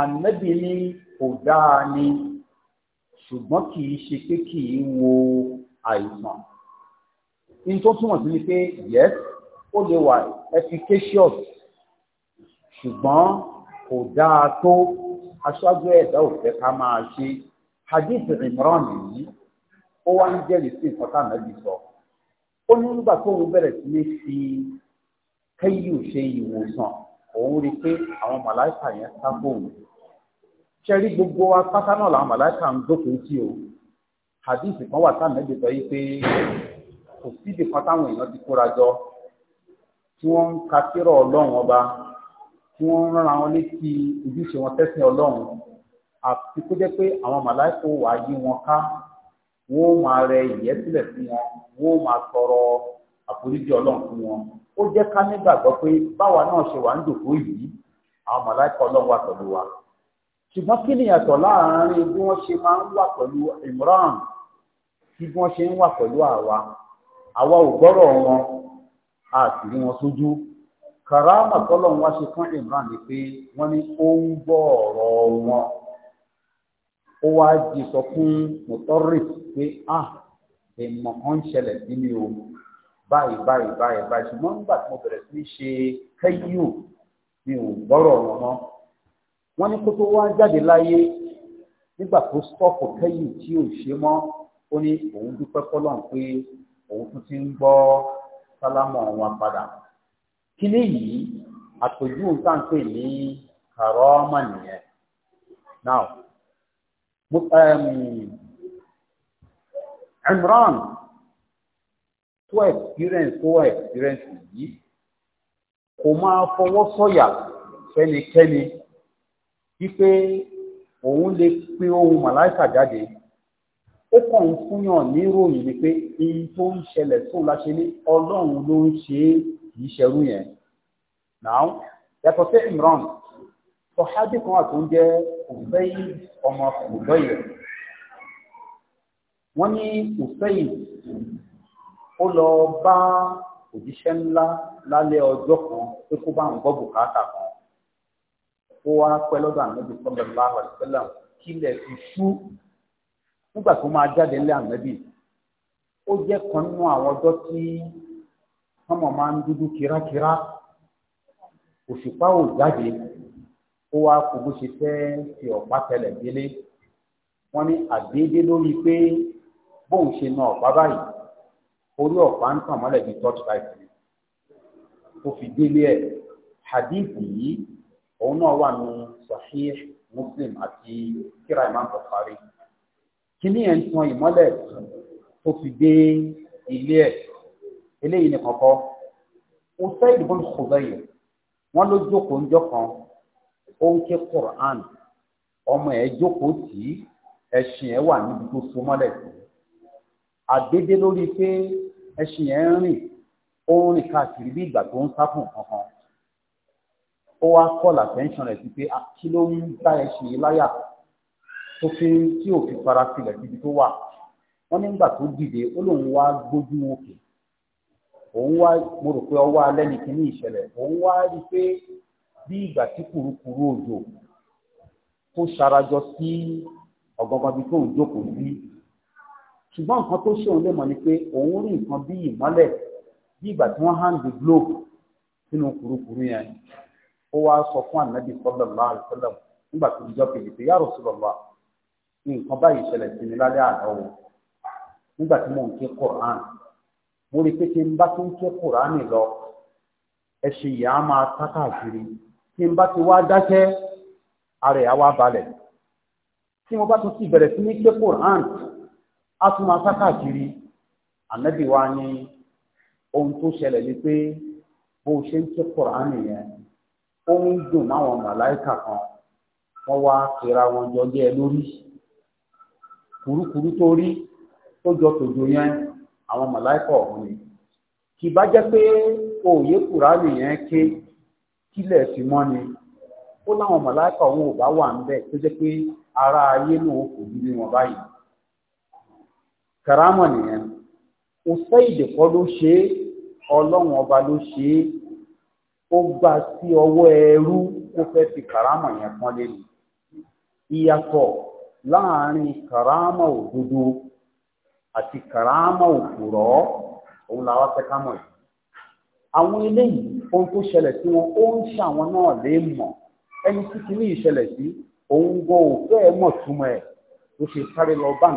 ànábì ní kò dáa ni ṣùgbọ́n kì í ṣe pé kì í wo àìsàn in tó túmọ̀ sí ni pé yes ó lè wà efficacious ṣùgbọ́n kò dáa tó aṣáájú ẹ̀dá òfẹ́ ká máa ṣe hadith Imran yìí ó wá ń jẹ́rìí sí nǹkan tá ànábì sọ ó ní nígbà tó ń bẹ̀rẹ̀ sí ní fi kẹ́yù ṣe ìwòsàn òun rí i pé àwọn màláìkà yẹn sá fóun ṣẹ́rí gbogbo wa pátá náà làwọn màláìkà ń dókòó sí o hadith kan wà tá ànábì sọ yìí pé kò síbi kan táwọn èèyàn ti kóra jọ tí wọ́n ń ka kírọ̀ ọlọ́run ọba tí wọ́n ń rán àwọn létí ojúṣe wọn tẹ́sìn ọlọ́run àti kó jẹ́ pé àwọn màláìkò wàá yí wọn ká wọ́n ó máa rẹ ìyẹ́ sílẹ̀ fún wọn wọ́n ó máa tọrọ àforíjì ọlọ́run fún wọn ó jẹ́ ká nígbàgbọ́ pé báwa náà ṣe wà ń dòkó yìí àwọn màláìkò ọlọ́run wà pẹ̀lú wa ṣùgbọ́n kí ni ìyàtọ̀ láàárín bí wọ́n ṣe máa ń wà pẹ̀lú Imran bí wọ́n ṣe ń wà pẹ̀lú àwa àwa ò gbọ́rọ̀ wọn a sì rí wọn sójú kàràmà tọ́lọ̀ wá ṣe fún Imran ni pé wọ́n ní ó ń gbọ́ ọ̀rọ̀ wọn ó wá di sọ fún mọ̀tọ́rì pé ah èèmọ̀ kan ń ṣẹlẹ̀ sí mi o báyìí báyìí báyìí báyìí ṣùgbọ́n nígbà tí mo bẹ̀rẹ̀ sí í ṣe kẹ́yù mi ò gbọ́rọ̀ wọn mọ́ wọ́n ní kó tó wá jáde láyé nígbà tó stọ́ọ̀pù kẹ́yù tí ò ṣe mọ́ ó ní òun dúpẹ́ kọ́lọ́n pé òun tún ti ń gbọ́ sálámọ̀ wọn padà kíní yìí àpèjú nǹkan pè ní kàrọ́mà nìyẹn now um, Imran tó experience tó experience yìí kò máa fọwọ́ sọ̀yà fẹ́nikẹ́ni wípé òun lè pe ohun màláìkà jáde ó kàn ń fúnyàn ní ìròyìn ni pé ohun tó ń ṣẹlẹ̀ tó láṣẹ ní ọlọ́run ló ń ṣe é kì í ṣerú yẹn náà yàtọ̀ sí Imran sọ̀hájú kan wà tó ń jẹ́ òfẹ́yì ọmọ òbẹ́yì wọ́n ní òfẹ́yì ó lọ bá òjíṣẹ́ ńlá lálẹ́ ọjọ́ kan pé kó bá ń gbọ́ bùkátà kan ó wá pẹ́ lọ́dọ̀ ànábì sallallahu alaihi wasallam kílẹ̀ fi ṣú nígbà tó máa jáde ńlẹ̀ ànábì ó jẹ́ kan nínú àwọn ọjọ́ tí sánmọ̀ máa ń dúdú kírákírá òṣùpá ò jáde ó wá kó bó ṣe fẹ́ fi ọ̀pá tẹlẹ̀ délé wọ́n ní àdéédé lórí pé bóun ṣe na ọ̀pá báyìí orí ọ̀pá ń tàn mọ́lẹ̀ bíi torch light ni ó fi délé ẹ̀ hadith yìí òun náà wà ní sahih muslim àti kíra imam bukhari kíní ẹ̀ ń tan ìmọ́lẹ̀ tó fi dé ilé ẹ̀ eléyìí ni kọ̀kọ́ usaid bin khudayr wọn ló jókòó ńjọ́ kan ó ń ké quran ọmọ ẹ̀ jókòó tì í ẹṣin ẹ̀ wà níbi tó so mọ́lẹ̀ sí àdédé lórí pé ẹṣin ẹ̀ ń rìn ó ń rìn káàkiri bí ìgbà tó ń sáfùn kankan ó wá call attention rẹ̀ sí pé ah, kí ló ń dá ẹṣin yìí láyà tó fi tí ò fi fara sílẹ̀ síbi tó wà wọ́n nígbà tó dìde ó lóun wá gbójú òkè òun wá mo rò pé ọwọ́ alẹ́ ni kíní ìṣẹ̀lẹ̀ òun wá rí i pé bí ìgbà tí kùrukùru òjò tó sarajọ sí ọ̀gángan bíi tó ń jókòó sí ṣùgbọ́n nǹkan tó lè mọ̀ ni pé òun rí nǹkan ìmọ́lẹ̀ bí ìgbà tí wọ́n globe sínú kurukuru yẹn ó wá sọ fún ànábì problem alaihi wasallam nígbà tó dijọ́ kejì pé ya Rasulullah nǹkan báyìí ṣẹlẹ̀ sí mi lálẹ́ àná o nígbà tí mò mo rí i pé kí n bá tún ké kùránì lọ ẹṣin yìí á máa tá káàkiri kí n bá ti wá dákẹ́ ara ẹ̀ á wá balẹ̀ tí mo bá tún ti bẹ̀rẹ̀ sí ní ké kùránì á tún máa tá káàkiri ànábì wa ní ohun tó ṣẹlẹ̀ ni pé bó ṣe ń ké kùránì yẹn ó ń dùn máwọn màláìkà kan wọ́n wá kíra wọn jọ lé lórí kùrukùru tó rí tó jọ tòjò yẹn. àwọn mọ̀láìkọ̀ ọ̀hún ni kì bá jẹ́ pé òye kùránì yẹn ké kílẹ̀ sí ni ó láwọn mọ̀láìkọ̀ ọ̀hún ò bá wà ń bẹ̀ tó jẹ́ pé ara ayé náà kò ní wọn báyìí kàrámọ̀ nìyẹn ló ọba ló ṣe é ó sí ọwọ́ ẹrú fẹ́ fi kàrámọ̀ yẹn pọ́n àti kàrámà òpùrọ́ òun làwọn fẹ́ ká mọ̀ yìí àwọn eléyìí ohun tó ṣẹlẹ̀ sí wọn ó ń ṣàwọn náà lè mọ̀ ẹni tí kìíní ìṣẹ̀lẹ̀ sí òun gan ò mọ̀ túmọ̀ ẹ̀ tó ṣe sáré lọ bá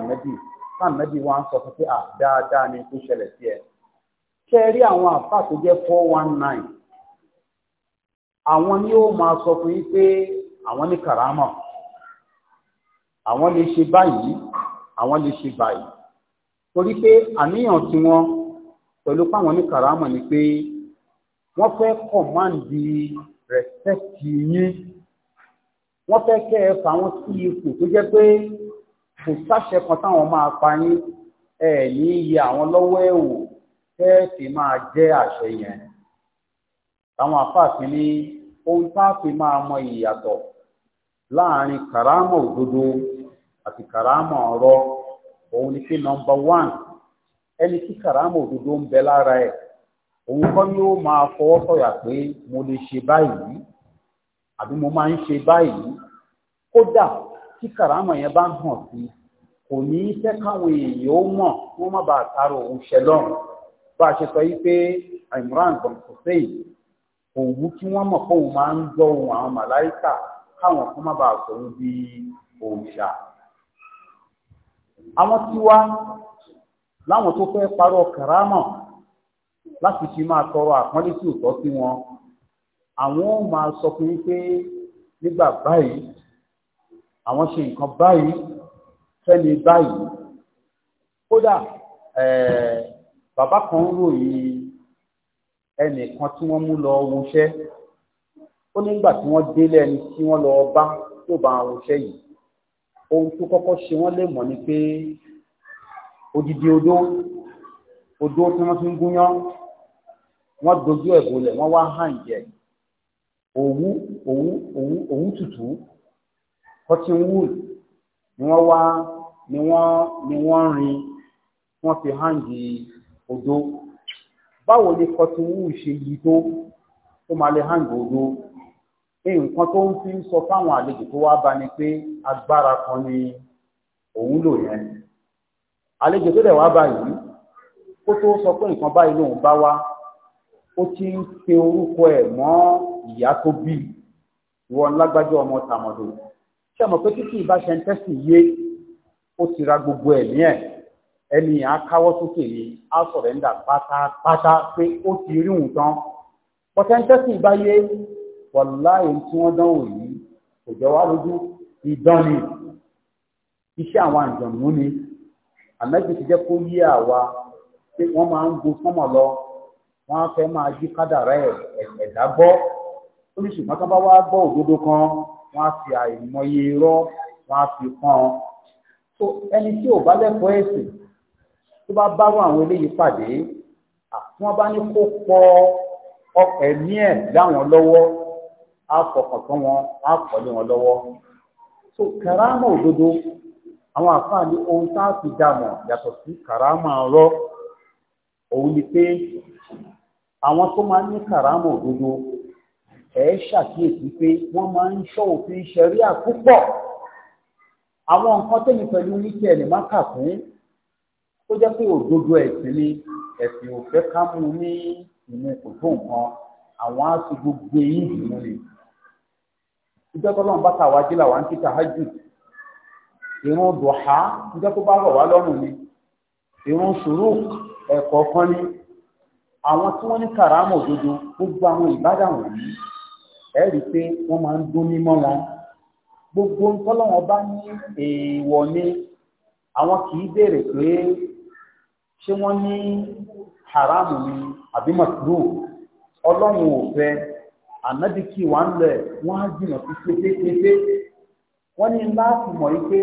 nẹ́bí wa ń sọ fún pé à dáadáa ni tó ṣẹlẹ̀ sí ẹ ṣe rí àwọn àfáà tó jẹ́ four one nine àwọn ni ó máa sọ fún yín pé àwọn ní kàrámà àwọn lè ṣe báyìí àwọn lè ṣe báyìí torí pé àníyàn tí wọ́n pẹ̀lú páwọn ní kàrámọ̀ ni pé wọ́n fẹ́ kọ̀máǹdì rẹ̀sẹ̀tì yín wọ́n fẹ́ kẹ́ ẹ fà wọ́n sí ipò tó jẹ́ pé kò sáṣẹ kan táwọn máa pa yín ẹ ní iye àwọn lọ́wọ́ ẹ̀ wò tẹ́ẹ̀fì máa jẹ́ àṣẹ yẹn àwọn àfáàfin ní ohun táàfin máa mọ ìyàtọ̀ láàrin kàrámọ̀ òdodo àti kàrámọ̀ ọrọ. òun ni pé nọmba wán ẹni tí kàrámù òdodo ń bẹ lára ẹ̀ òun kọ́ ni ó máa fọwọ́ sọ̀yà pé mo lè ṣe báyìí àbí mo máa ń ṣe báyìí kódà tí kàrámù yẹn bá hàn sí kò ní í fẹ́ káwọn èèyàn ó mọ̀ kí wọ́n má bàa taro òun bá a ṣe sọ yìí pé Imran kí wọ́n mọ̀ máa ń gbọ́ ohun àwọn màláìkà káwọn má bàa àwọn tí wá láwọn tó fẹ́ parọ́ kàrámọ̀ láti fi máa tọrọ àpọ́nlé tí ò tọ́ sí wọn àwọn ó máa sọ fún yín pé nígbà báyìí àwọn ṣe nǹkan báyìí fẹ́ni báyìí kódà bàbá kan ń ròyìn ẹnìkan tí wọ́n mú lọ wọṣẹ́ ó nígbà tí wọ́n délé ẹni tí wọ́n lọ bá tó bá wọṣẹ́ yìí ohun tó kọ́kọ́ ṣe wọ́n lè mọ̀ ni pé odidi odó odó tí wọ́n fi ń gúnyán wọ́n dojú ẹ̀ bolẹ̀ wọ́n wá hàn jẹ òwú òwú òwú òwú tútù cotton wool ni wọ́n wá ni wọ́n ni wọ́n rin wọ́n fi hàn jì odó báwo ni cotton wool ṣe yí tó ó máa lè hàn jì odó nǹkan tó ń fi ń sọ fáwọn àlejò tó wá bá ni pé agbára kan ni òun lò yẹn àlejò tó dẹ̀ wá báyìí kó tó sọ pé nǹkan báyìí lòun bá wá ó ti ń pe orúkọ ẹ̀ mọ́ ìyá tó bí ìwọ ńlágbájọ ọmọ tàmọ̀dò ṣé mọ̀ pé títí ìbáṣẹ ń tẹ́sì yé ó ti ra gbogbo ẹ̀mí ẹ̀ ẹni à ń káwọ́ sókè ni á sọ̀rẹ́ńdà pátápátá pé ó ti rí òun tán pọ̀tẹ́ńtẹ́sì bá wàláì tí wọ́n dánwò yìí kò jọ wá lójú idán ni iṣẹ́ àwọn àjọ̀nù ni àmẹ́jì ti jẹ́ kó yé àwa pé wọ́n máa ń gun sánmọ̀ lọ wọ́n á fẹ́ máa yí kádàrá ẹ̀dá gbọ́ olùsùnmọ́ tó bá wá gbọ́ òdodo kan wọ́n á fi àìmọye irọ́ wọ́n á fi pọ́n so ẹni tí ò bá lẹ́kọ̀ọ́ ẹ̀sìn tó bá bá àwọn eléyìí pàdé àti wọ́n bá ní kó pọ̀ ẹ̀mí ẹ̀ láwọn lọ́wọ́ á fọkàn tán wọn á wọn lọwọ. so karama òdodo àwọn àfáà ohun tá a fi karama òun ni pé àwọn tó máa ń ní karama òdodo ẹ ṣàkíyèsí pé wọ́n máa ń ṣọ́ òfin ṣẹ̀ríà púpọ̀ àwọn nǹkan tẹ̀mí pẹ̀lú oníkẹ́ ẹ̀ má kà fún ó jẹ́ pé òdodo ni ẹ̀sìn ò fẹ́ ká mú ní ìmú kò tó nǹkan àwọn ìjọ tó lọ́n bá ta wá jí làwọn ti tahajjud ìrun dùhà ìjọ tó bá rọ̀ wá lọ́rùn ni ìrun sùúrù ẹ̀kọ̀ọ̀kan ni àwọn tí wọ́n ní kàrámọ̀ òdodo gbogbo àwọn ìbádà wọ̀nyí ẹ rí i pé wọ́n máa ń dún mímọ́ wọn gbogbo bá ní èèwọ̀ ni àwọn kì í béèrè pé ṣé wọ́n ní ni àbí ànábì kí wà ń lọ ẹ̀ wọ́n á jìnà sí kétékété wọ́n ní láti mọ̀ pé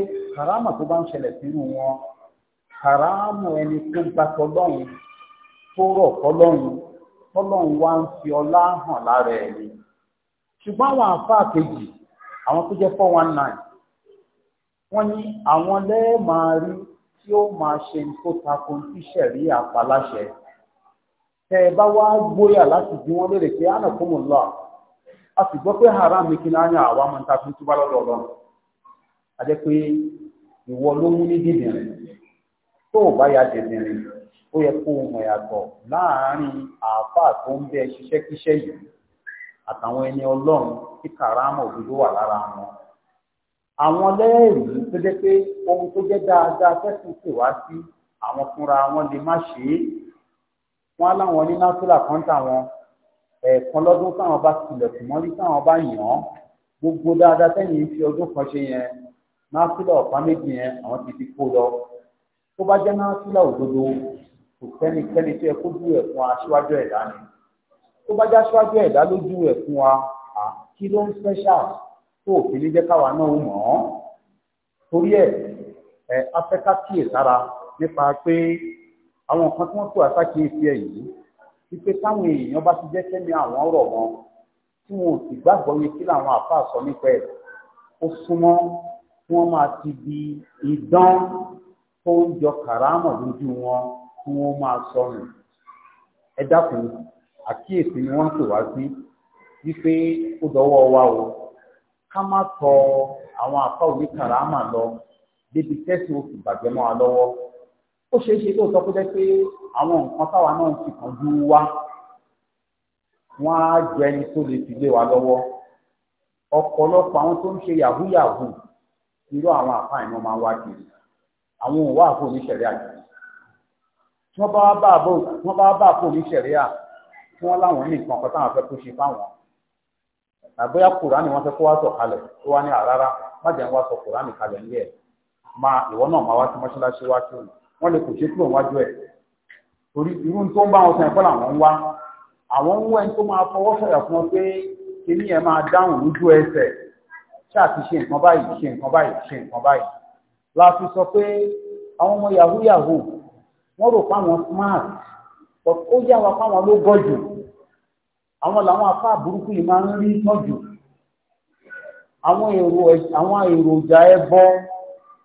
wọn ẹni tó gba tọlọ́run tó rọ̀ tọlọ́run tọlọ́run wá fi ọlá hàn lára ẹ̀ ni ṣùgbọ́n àwọn àfáà kejì àwọn tó jẹ́ four one nine wọ́n ní àwọn tí ó máa ṣe tó tako ẹ bá wá gbóyà láti a sì gbọ́ pé haram ní kí ní àyàn àwa máa ń ta fún túbá lọ́dọ̀ ọlọ́run a jẹ́ pé ìwọ ló mú ní dìdìrín tó bá ya dìdìrín ó yẹ kó o mọ̀ yàtọ̀ láàárín àáfàá tó ń bẹ ṣiṣẹ́kíṣẹ́ yìí àtàwọn ẹni ọlọ́run tí kàrámọ̀ òdodo wà lára wọn àwọn lẹ́ẹ̀rí tó jẹ́ pé ohun tó jẹ́ dáadáa fẹ́sùn pè wá sí àwọn fúnra wọn lè má ṣe é wọn á láwọn onínáfílà kan tà wọn ẹ̀ẹ̀kan lọ́dún táwọn bá tilẹ̀kùn mọ́lí táwọn bá yàn án gbogbo dáadáa tẹ́yìn fi ọdún kan ṣe yẹn náfìlà ọ̀pá méjì yẹn àwọn ti fi kó lọ tó bá jẹ́ náfìlà òdodo kò sẹ́nikẹ́ni tó yẹ kó dúró ẹ̀ fún wa aṣíwájú ẹ̀dá ni tó bá jẹ́ aṣíwájú ẹ̀dá ló dúró ẹ̀ fún wa kí ló ń sẹ́ṣà tó òfin ní jẹ́ káwa náà mọ̀ ọ́n torí ẹ̀ ẹ̀ afẹ́ká kíyèsára nípa pé àwọn nǹkan tí wọ́n tó àṣà kíyèsí ẹ̀ yìí wípé táwọn èèyàn bá ti jẹ́ sẹ́mi àwọn ọ̀rọ̀ wọn tí wọn ò sì gbàgbọ́ yẹn kí làwọn àfáà sọ nípa ẹ̀ ó súnmọ́ kí wọ́n ti di idán tó ń jọ kàrámọ̀ wọn kí wọ́n máa sọnù ẹ dákun àkíyèsí ni wọ́n ń wá wa o ká má tọ àwọn àfáà oníkàrámà lọ débi tẹ́sí bàjẹ́ mọ́ ó ṣeé ṣe kó sọ pé jẹ́ pé àwọn nǹkan táwa náà ti kàn ju wa wọ́n á jọ ẹni tó lè fi lé wa lọ́wọ́ ọ̀pọ̀lọpọ̀ àwọn tó ń ṣe yahoo yahoo irú àwọn àfáà ni wọ́n máa ń wá kiri àwọn òwò àpò oníṣẹ̀rí àjò tí wọ́n bá bá àpò oníṣẹ̀rí à tí wọ́n láwọn ní nǹkan kan táwọn fẹ́ kó ṣe fáwọn àgbéyà kùránì wọ́n fẹ́ kó wá sọ kalẹ̀ tó wá ní àrárá má ń wá sọ kùránì kalẹ̀ ní ẹ̀ máa ìwọ náà máa wá sí mọ́ṣáláṣí wá kí òun wọ́n lè kò ṣe kúrò wájú ẹ̀ torí irú tó ń bá wọn sọ ẹ̀kọ́ làwọn ń wá àwọn ń wẹ́n tó máa fọwọ́ sọ̀rọ̀ fún ọ pé kíní ẹ̀ máa dáhùn lójú ẹsẹ̀ ṣáà ti ṣe nǹkan báyìí ṣe nǹkan báyìí ṣe nǹkan báyìí la fi sọ pé àwọn ọmọ yahoo yahoo wọ́n rò páwọn smart but ó yá wa páwọn ló gọ̀ jù àwọn làwọn afá burúkú yìí máa ń rí tọ́jú àwọn èròjà ẹbọ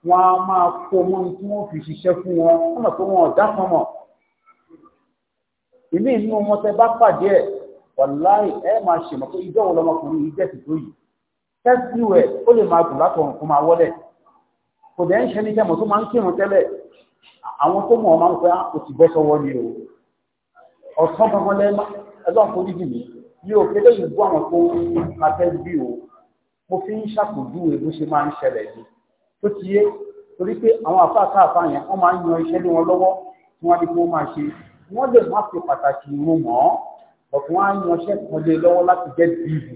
wọn a máa kó mọ́ ní tí wọ́n fi ṣiṣẹ́ fún wọn wọ́n mọ̀ pé wọn ò dá kan mọ̀ ìmí inú wọn tẹ bá pàdé ẹ̀ wàláì ẹ máa ṣe mọ̀ pé ìjọ wo lọmọkùnrin yìí jẹ́ tìtó yìí tẹ́sí rẹ̀ ó lè máa gùn látọ̀run kó máa wọlé kò dẹ̀ ń ṣe ní jẹ́mọ̀ tó máa ń kírun tẹ́lẹ̀ àwọn tó mọ̀ máa ń pẹ́ kò sì bẹ́ sọ́wọ́ ni o ọ̀sán kankan lẹ́ ẹlọ́run kò dídì mí mi ò kéde ìbú àwọn tó ń ka bí o mo fi ń ṣàpèjúwe bó ṣe máa ń ṣẹlẹ̀ yìí ó ti yé torí pé àwọn àfáàkà àfáà yẹn wọ́n máa ń yan iṣẹ́ lé wọn lọ́wọ́ tí wọ́n ní kí wọ́n máa ṣe wọ́n lè má fi pàtàkì irun mọ́ bọ̀tún wọ́n á yan iṣẹ́ kan lé lọ́wọ́ láti jẹ́ bíbù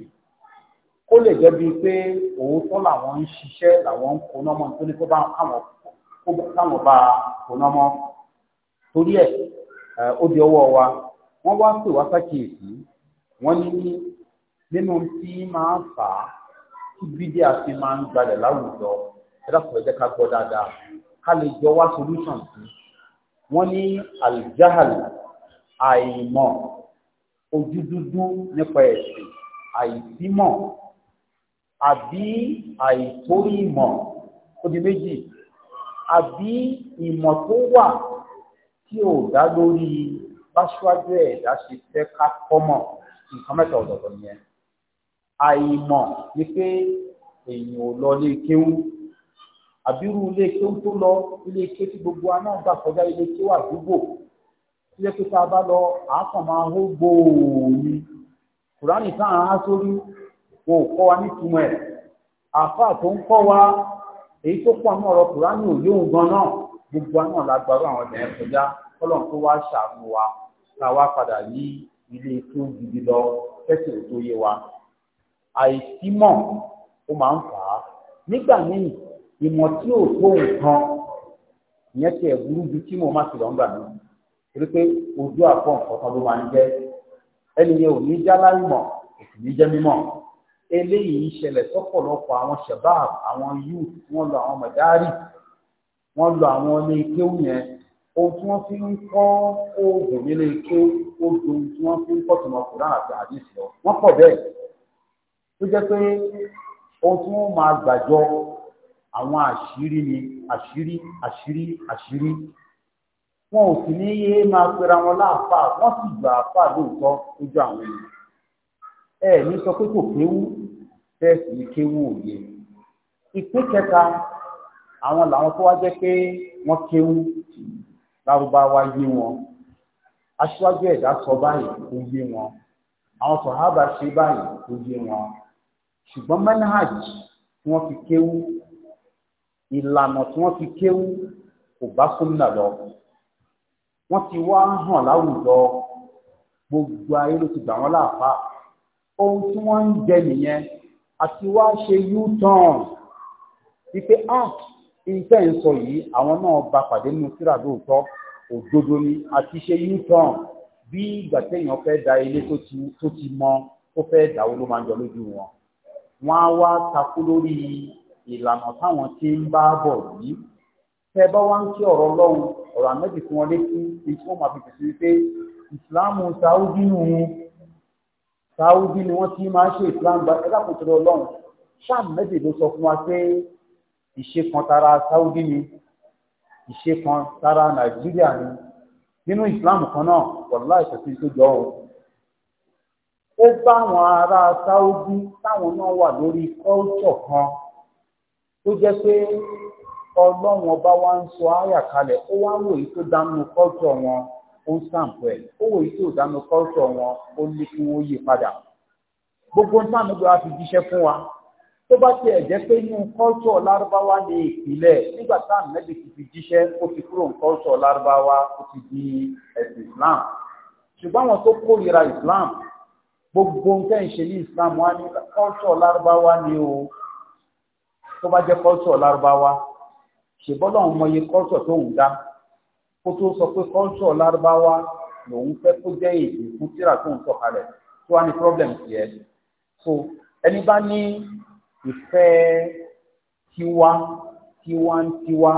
kó lè jẹ́ bíi pé òótọ́ làwọn ń ṣiṣẹ́ làwọn ń koná mọ́ nítorí kó bá káwọn bá koná mọ́ torí ẹ̀ ó di ọwọ́ wa wọ́n wá pè wá sákìyèsí wọ́n ní nínú tí máa fà á tí bídíà fi máa ń gbalẹ̀ láwùjọ ẹ dákun ẹ jẹ́ ká gbọ́ dáadáa ká lè jọ wá solution sí wọ́n ní aljahal àìmọ̀ ojú dúdú nípa ẹ̀sìn àìsímọ̀ àbí àìtórí ìmọ̀ ó di méjì àbí ìmọ̀ tó wà tí ò dá lórí báṣíwájú ẹ̀dá ṣe fẹ́ ká kọ́mọ̀ nǹkan mẹ́ta ọ̀dọ̀dọ̀ yẹn àìmọ̀ ni pé èèyàn ò lọ lé kéwú àbírú ilé ike tó lọ ilé ike tí gbogbo aná gbà kọjá ilé ike wà àdúgbò tí yẹ kí tá a bá lọ àákàn máa hó gbòòó ni kùránì tá à ń há sórí kò kọ́ wa nítumọ̀ ẹ̀ àfáà tó ń kọ́ wa èyí tó pọ̀ náà ọ̀rọ̀ kùránì ò yóò gan náà gbogbo aná la gbàrú àwọn ọ̀dẹ̀ yẹn kọjá kọ́lọ́n tó wá ṣàánú wa tá wá padà yí ilé tó gidi lọ kẹ́sì tó yé wa àìsímọ̀ ó máa ń fà á nígbà míì ìmọ̀ tí ò tó nǹkan ìyẹn tiẹ̀ burú ju tí mo má ti lọ ń gbà mí torí pé ojú àpọ̀ nǹkan kan ló máa ń jẹ́ ẹni yẹn ò ní já láì mọ̀ kò sì ní jẹ́ mímọ̀ eléyìí ṣẹlẹ̀ sọ́pọ̀lọpọ̀ àwọn shabab àwọn youth wọ́n lọ àwọn mọ̀dárì wọ́n lọ àwọn ilé kéwù yẹn ohun tí wọ́n fi ń kọ́ oògùn nílé kéwù ó ju ohun tí wọ́n fi ń kọ́ tòmọ̀ kúrán àti àdìsí lọ wọ́n pọ̀ bẹ́ẹ̀ tó jẹ́ pé ohun tí wọ́n máa gbàjọ àwọn àṣírí ni àṣírí àṣírí àṣírí wọn ò sì ní yé máa pera wọn láàfáà wọn sì gbà àfáà lójú àwọn èèyàn ẹ ní sọ pé kò kéwú bẹ́ẹ̀ sì ni kéwú òye ìpín kẹta àwọn làwọn tó wá jẹ pé wọn kéwú lárúbáwá yé wọn aṣíwájú sọ báyìí yé wọn àwọn ṣe báyìí yé wọn fi kéwú ìlànà tí wọ́n fi kéwú kò bá súnmọ́ lọ wọ́n ti wá hàn láwùjọ gbogbo ayé ló ti gbà wọ́n láàfà ohun tí wọ́n ń jẹ nìyẹn àti wá ṣe u-turn wípé ah iṣẹ́ ń sọ yìí àwọn náà bá pàdé nínú síra lóòótọ́ òdodo ni àti ṣe u-turn bí ìgbà téèyàn fẹ́ da ilé tó ti mọ tó fẹ́ dàwó ló máa ń jọ lójú wọn wọ́n á wá takú lórí ìlànà táwọn ti ń bá bọ̀ yìí tẹ bá wá ń kí ọ̀rọ̀ ọlọ́run ọ̀rọ̀ àmẹ́bí fún wọn létí ní tí wọ́n máa fi tẹ̀sí wípé ìsìláàmù sáúdí nù wọn sáúdí ni wọ́n ti máa ń ṣe ìsìláàmù gba ẹ̀dá kò tẹ̀lé ọlọ́run sáà mẹ́bí ló sọ fún wa pé ìṣe kan tara sáúdí ni ìṣe kan tara nàìjíríà ni nínú ìsìláàmù kan náà wọ̀lá ìṣẹ̀sí tó jọ ọ́ ó bá àwọn ará sáúdí táwọn náà wà lórí kọ́ńtọ̀ kan tó jẹ́ pé ọlọ́run ọba wa ń sọ àyà kalẹ̀ ó wá wò yìí tó dánú kọ́tọ̀ wọn ó ń sàǹpù ẹ̀ ó wò yìí tó dánú kọ́tọ̀ wọn ó ní kí wọ́n yí padà gbogbo nǹkan àmì gbọ́dọ̀ jíṣẹ́ fún wa tó bá tiẹ̀ jẹ́ pé inú kọ́tọ̀ lárúbáwá ni ìpìlẹ̀ nígbà tá àmì ti fi jíṣẹ́ ó ti kúrò ní kọ́tọ̀ lárúbáwá ó ti di ẹ̀sìn Islam ṣùgbọ́n àwọn tó kórìíra Islam gbogbo nǹkan ìṣèlú Islam wa ní kọ́tọ̀ lárúbáwá ni o tó bá jẹ́ kọ́ńtọ̀ lárúbáwá ṣèbọ́lọ̀ ọmọ iye kọ́ńtọ̀ tó ń dá kó tó sọ pé kọ́ńtọ̀ lárúbáwá lòun fẹ́ kó jẹ́ èdè fún tíra tó ń sọ̀kalẹ̀ tó wá ní problem tiẹ̀ so ẹni bá ní ìfẹ́ tiwa tiwa ń tiwa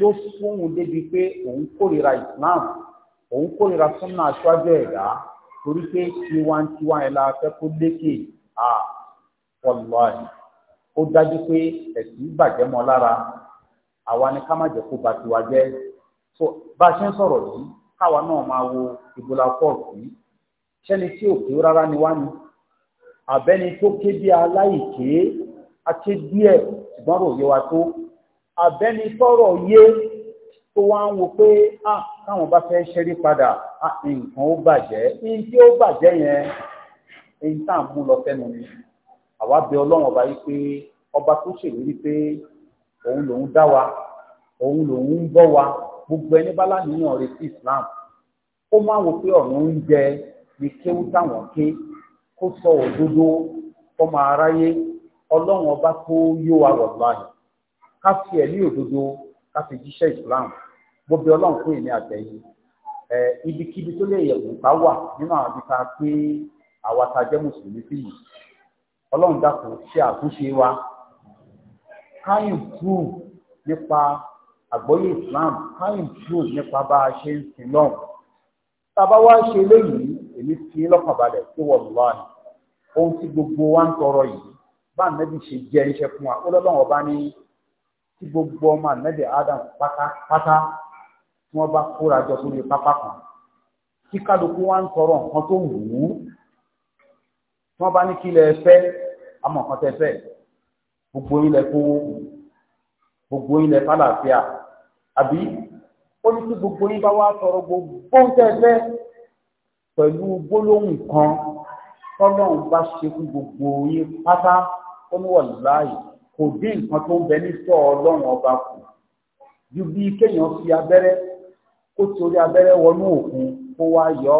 ló fóun débi pé òun kórìíra Islam òun kórìíra súnmọ́ aṣáájú ẹ̀dá torí pé tiwa ń tiwa yẹn la fẹ́ kó lékè à ah, wàlúwàlú ó dájú pé ẹ̀sìn bàjẹ́ mọ́ lára àwa ni ká má jẹ́ kó ba tiwa jẹ́ so bá a ṣe ń sọ̀rọ̀ yìí káwa náà máa wo ìbúra fọ́ọ̀kù yìí ṣẹ́ni tí ò kéwú rárá ni wá ni àbẹ́ni tó ké bí aláìké aké díẹ̀ ṣùgbọ́n rò yé wa tó àbẹ́ni tọ́rọ̀ yé tó wá ń wo pé à káwọn bá fẹ́ ṣẹ́rí padà nǹkan ó bàjẹ́ ní tí ó bàjẹ́ yẹn èyí tá à ń mú lọ fẹ́nu ni. àwa bẹ ọlọ́run ọba yìí pé ọba tó ṣèlérí pé òun lòun dá wa òun lòun bọ́ wa gbogbo ẹni bá láníyàn retí Islam ó máa wo pé ọ̀nà oúnjẹ ni kéwú táwọn ké kó sọ òdodo fọmọ ọlọ́run ọba tó yó wa wọ̀láyìn ká fi Islam mo ọlọ́run fún èmi àtẹ̀yìn ẹ ibikíbi tó wà nínú pé àwa ta jẹ́ ọlọ́run dàpọ̀ ṣe àtúnṣe wa káyìn kúrò nípa àgbọ́yé Islam káyìn kúrò nípa bá a ṣe ń sin náà tábà wá ṣe léyìí èmi fi lọ́kàn balẹ̀ sí wọ̀lúwàá ohun tí gbogbo wa ń tọrọ yìí bá nẹ́bí ṣe jẹ́ iṣẹ́ fún wa ọlọ́run ọba ní tí gbogbo ọmọ nẹ́bí Adam pátápátá tí wọ́n bá kóra jọ sórí pápá kan tí kálukú wa ń tọrọ nǹkan tó wù ú tí wọ́n bá ní kí lẹ fẹ́ àmọ́ kan tẹ fẹ́ gbogbo yín lẹ kówó gbogbo yín lẹ fàlàfíà àbí ó ní kí gbogbo yín bá wá sọ̀rọ̀ gbogbo ń tẹ fẹ́ pẹ̀lú gbólóhùn kan tọ́lọ́run bá ṣe fún gbogbo yín pátá ó ní wàláì kò dín nǹkan tó ń bẹ ní sọ ọlọ́run ọba kù ju bí kéèyàn fi abẹ́rẹ́ kó torí abẹ́rẹ́ wọnú òkun kó wá yọ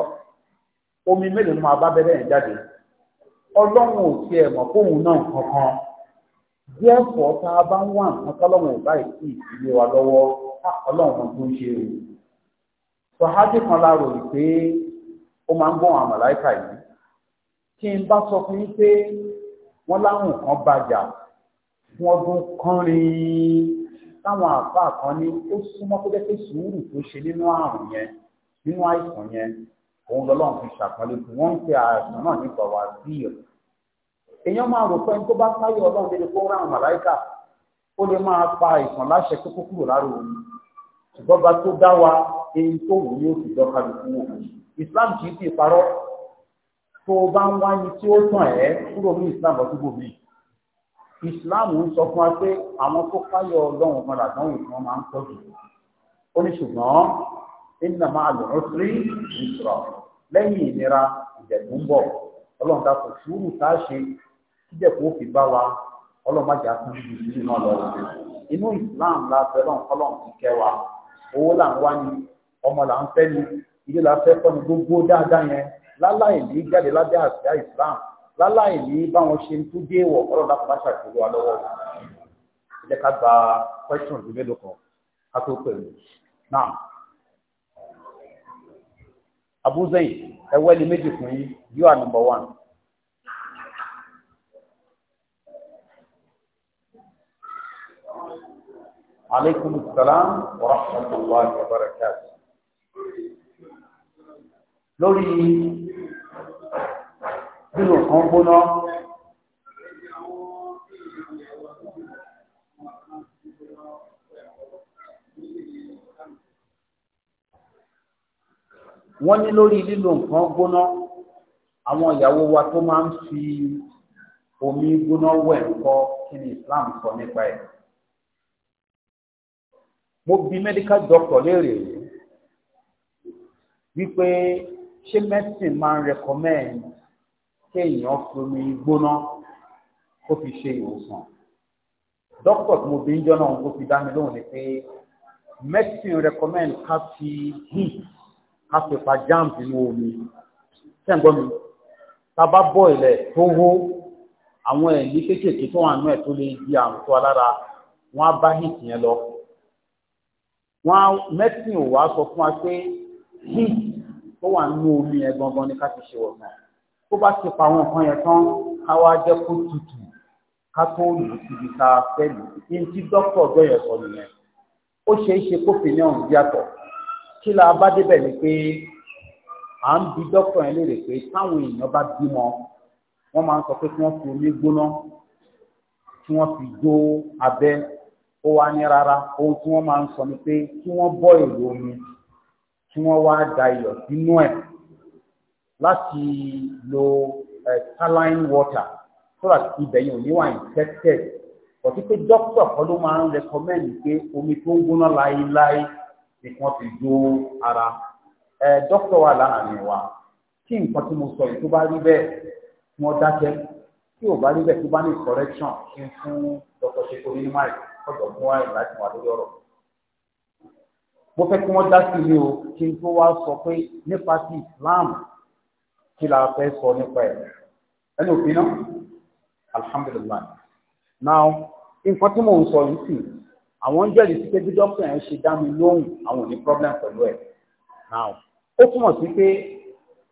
omi mélòó máa bá abẹ́rẹ́ yẹn jáde ọlọ́run ò tiẹ̀ mọ̀ fóun náà kankan díẹ̀ pọ̀ tá a bá ń wà nǹkan tọ́lọ́run ò báyìí sí ìdílé wa lọ́wọ́ ọlọ́run tó ń ṣe o sọ̀hádì kan láàrò yìí pé ó máa ń gbọ́ àwọn màláìkà yìí kí n bá sọ fún yín pé wọ́n láwọn kan bàjà fún ọdún kọrin táwọn àáfàá kan ní ó súnmọ́ pé jẹ́ sùúrù tó ṣe nínú àrùn yẹn nínú àìsàn yẹn òun lọ́lọ́run fi ṣàpọ́nlé fún wọ́n ń pe àìsàn náà ní bàwá bíyọ̀ èèyàn máa rò pé ní tó bá sáyé ọlọ́run dédé kó ráhùn màláìkà ó lè máa pa àìsàn láṣẹ kókó kúrò lára òun ṣùgbọ́n bá tó dá wa eyín tó wù ní òsì dọ́ka ló kú òun Islam kì í sì parọ́ tó o bá ń wáyé tí ó tàn ẹ́ kúrò ní Islam ọdún gbòmí Islam ń sọ fún wa pé àwọn tó fáyọ ọlọ́run kan làdánwò tí wọ́n máa ń tọ́jú ó ní ṣùgbọ́n inna ma'al usri yusra lẹ́yìn ìnira ìdẹ̀kùn bọ̀ ọlọ́run dàpọ̀ sùúrù tá a ṣe kíjẹ̀kùn ó fi bá wa ọlọ́run má jà kún ju sùúrù náà lọ. inú islam la fẹ́ràn ọlọ́run ti kẹ́ wa owó là ń wá ni ọmọ là ń fẹ́ ni ilé la fẹ́ kọ́ ni gbogbo dáadáa yẹn láláì ní jáde lábẹ́ àṣà islam láláì ní báwọn ṣe ń tún dé wọ̀ ọlọ́run dàpọ̀ má ṣàkóso wa lọ́wọ́ ẹ jẹ́ ká gba question ju mélòó kan ká tó pẹ̀lú náà abúzẹ́yìn ẹwẹ́lì méjì fún yí you are number one. aleykum salaam wa rahmatulahi wa barakatuh. lórí bínú kan gbóná. wọ́n ní lórí lílo nǹkan gbóná àwọn ìyàwó wa tó máa ń fi omi gbóná wẹ̀ ńkọ́ kí ni Islam sọ nípa ẹ̀. mo bi medical doctor léèrè wípé ṣé medicine máa ń recommend kéèyàn fi omi gbóná kó fi ṣe ìwòsàn doctor tí mo bí ń jọ náà kó fi dá mi lóhùn ni pé medicine recommend ká fi heat ká pèpa jáàmù inú omi ṣẹ́ǹgbọ́n mi tábà bọ̀ ilẹ̀ tó hó àwọn ẹ̀mí kéékèèké tó wà nú ẹ̀ tó lè di àrùn tó alára wọn á bá hìtì yẹn lọ wọn á mẹ́tìn ò wá sọ fún wa pé hìtì tó wà nú omi yẹn gangan ni ká ti ṣe wọ̀nà tó bá ti pa àwọn nǹkan yẹn tán ká wá jẹ́ kó tutù ká tó lù síbi ká fẹ́ lù ní ti dókítà ọgbẹ́ yẹn sọ nìyẹn ó ṣeé ṣe kófin náà ń yàtọ̀ kí la bá débẹ̀ ni pé à ń bi dọ́kítọ̀ yẹn léèrè pé táwọn èèyàn bá bímọ wọ́n máa ń sọ pé kí wọ́n fi omi gbóná kí wọ́n fi jó abẹ́ ó wá ní rárá ohun tí wọ́n máa ń sọ ni pé kí wọ́n bọ́ èrò omi kí wọ́n wá da iyọ̀ sínú ẹ̀ láti lo eh, saline water so that ibẹ̀ yẹn ò ní wà infected ọ̀tí pé dókítà kan ló máa ń recommend pé omi tó ń gbóná láéláé ni wọ́n fi jó ara ẹ dókítà wà láàrin wa kí nǹkan tí mo sọ yìí tó bá rí bẹ́ẹ̀ wọ́n dákẹ́ tí ò bá rí bẹ́ẹ̀ tó bá ní correction kí n fún dr seko nínú máì ọ̀dọ̀ fún wa láti wà lórí ọ̀rọ̀ mo fẹ́ kí wọ́n dá sí ilé o kí n tó wá sọ pé nípa ti Islam kí la fẹ́ sọ nípa ẹ̀ ẹni òfin náà alhamdulilayi now nǹkan tí mò ń sọ yìí sì àwọn jẹ́rìí sí pé bí dókítà yẹn ṣe dá mi lóhùn àwọn ò ní problem pẹ̀lú ẹ̀ now ó túmọ̀ sí pé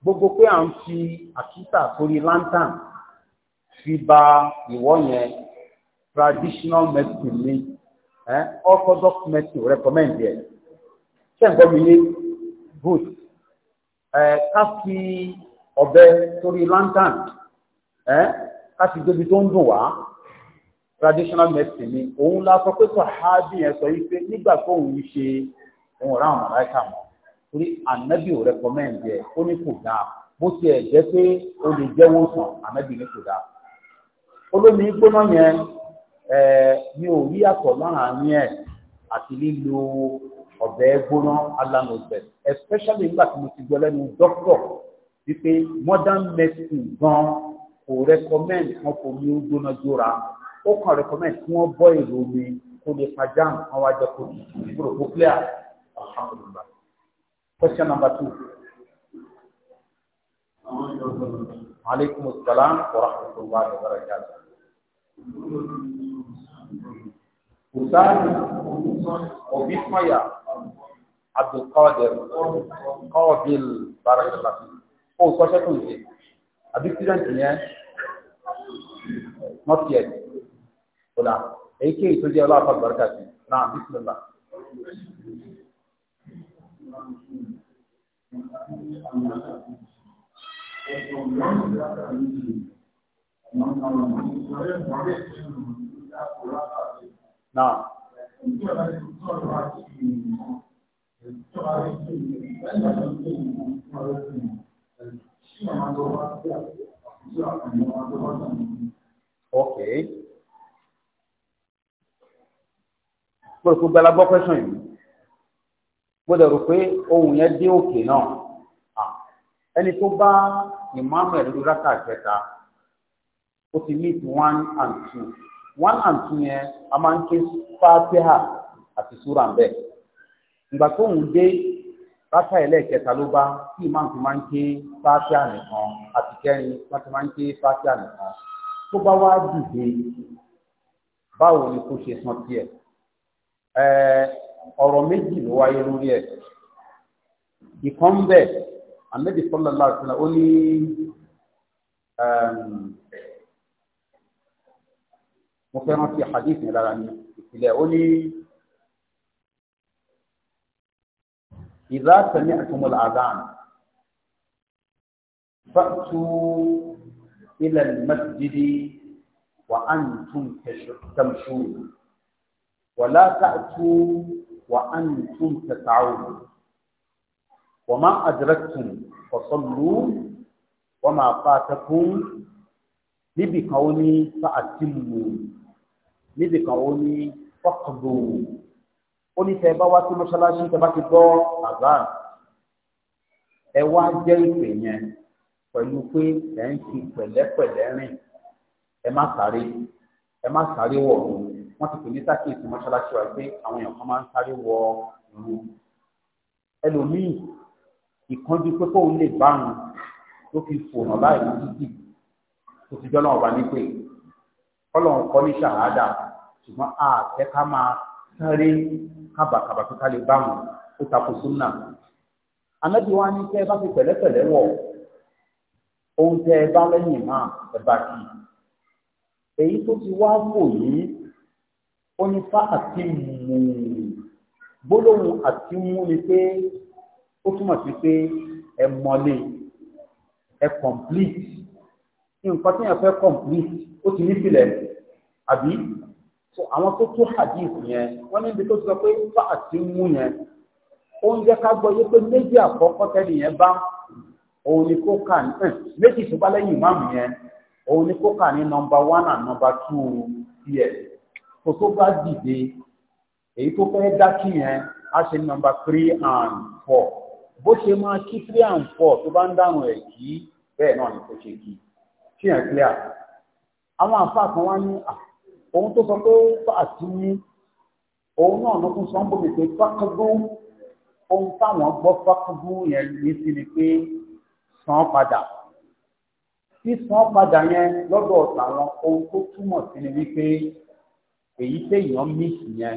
gbogbo pé à ń fi àkísà sórí lantern fi ba ìwọ yẹn traditional medicine ni eh, orthodox medicine recommend yẹn ṣé nǹkan mi ní good eh, ká fi ọ̀bẹ sórí lantern eh, ká fi débi tó ń dùn wá traditional medicine ni òun la sọ pé sọ̀hábì yẹn sọ yìí pé nígbà tó òun ṣe òun ra àwọn aláìka mọ́ torí ànábì ò recommend ẹ̀ ó ní kò dáa bó tiẹ̀ jẹ́ pé ó lè jẹ́wọ́ sàn ànábì ní kò dáa olómi gbóná yẹn mi ò rí àtọ̀ láàárín ẹ̀ àti lílo ọ̀bẹ gbóná alana ọ̀bẹ especially nígbà tí mo ti gbọ́ lẹ́nu dókítọ̀ wípé modern medicine gan kò recommend wọn kò ní ó gbóná jóra ó kàn recommend kí wọ́n bọ́ èrò omi kó lè pa jam àwọn àjẹkù gbòòrò kó clear alhamdulilah question number two. aleykum salaam wa rahmatullahi wa barakatuh. Usani Obismaya Abdul Qadir Qabil Barakallah. Ó sọ́ṣẹ́ tó ń ṣe. Àbí student yẹn not yet ọ̀la èyíkéyìí tó jẹ́ ọlọ́pàá àgbàrúkà sí náà bísímìlá. Náà. Okay. mo rò pé gbala yìí rò pé ohun yẹn dé òkè náà ẹni tó bá ìmáàmù ẹ̀rọ rákà kẹta ó ti meet one and two one and two yẹn a máa ń ké fatiha àti sura ń ìgbà tó ń dé rákà ẹlẹ́ẹ̀kẹta ló bá tí ìmáàmù ti máa ń ké fatiha nìkan àti kẹrin ti máa ń ké nìkan tó bá wá dìde báwo ni ọ̀rọ̀ méjì ló wáyé lórí ẹ̀ ìkan bẹ̀ àmẹ́bí sallallahu alaihi wasallam ó ní mo fẹ́ rántí hadith yẹn lára ní ìpìlẹ̀ ó ní idha sami'tumul adhan fa'tu ila al-masjidi wa antum tamshun. ولا تأتوا وأنتم تسعون وما أدركتم فصلوا وما فاتكم níbì kan ó ní fàtìmù níbì kan ó ní fọkàndù ó ní tẹ bá wá sí mọ́ṣáláṣí tẹ bá ti gbọ́ àbá ẹ wá jẹ́ ìpè yẹn pẹ̀lú pé ẹ̀ ń fi pẹ̀lẹ́pẹ̀lẹ́ rìn ẹ má sáré ẹ má sáré wọ̀ọ̀rùn wọ́n ti pè ní sákìyèsí mọ́ṣáláṣí wa pé àwọn èèyàn kan máa ń sáré wọ ìlú ẹlòmíì ìkánjú pé kóun lè bá àrùn tó fi fòràn báyìí títì tó ti jọ́nà ọ̀bà nípè kọ́lọ́hún kọ́ ní ṣàhádà ṣùgbọ́n àtẹ ká máa sáré kábàkàbà tó ká lè bá àrùn ó takò súnà anábì wa ní kẹ́ ẹ bá fi pẹ̀lẹ́pẹ̀lẹ́ wọ̀ ohun tẹ́ ẹ bá lẹ́yìn máa ẹ bá kì í èyí tó ti wá wò yìí ó ní fa àti mú gbólóhùn àti mú ni pé ó túmọ̀ sí pé ẹ mọ́lé ẹ complete nǹkan tí yẹn fẹ́ complete ó ti ní sílẹ̀ àbí so àwọn tó tó hadith yẹn wọ́n ní ibi tó sọ pé fa àti mú yẹn ó ń jẹ́ ká gbọ́ yé pé méjì àkọ́kọ́ tẹ́lẹ̀ yẹn bá òun ni kó kà ní eh, méjì tó bá lẹ́yìn ìmáàmù yẹn òun ni kó kà ní nọmba one and nọmba two yẹn kó tó bá dìde èyí tó fẹ́ dá kí yẹn á ṣe nọ́mbà three and four bó ṣe máa kí three and four tó bá ń dàrùn ẹ̀ kí bẹ́ẹ̀ náà ni kò ṣe kí kí yẹn clear àwọn àfáà kan wá ní ohun tó sọ pé fàtí ní òun náà ló tún sọ ń bòmí ohun táwọn gbọ́ fákúrú yẹn ní sí ni pé san padà sísan padà yẹn lọ́dọ̀ ọ̀tà wọn ohun tó túmọ̀ sí ni wípé èyí téèyàn mix yẹn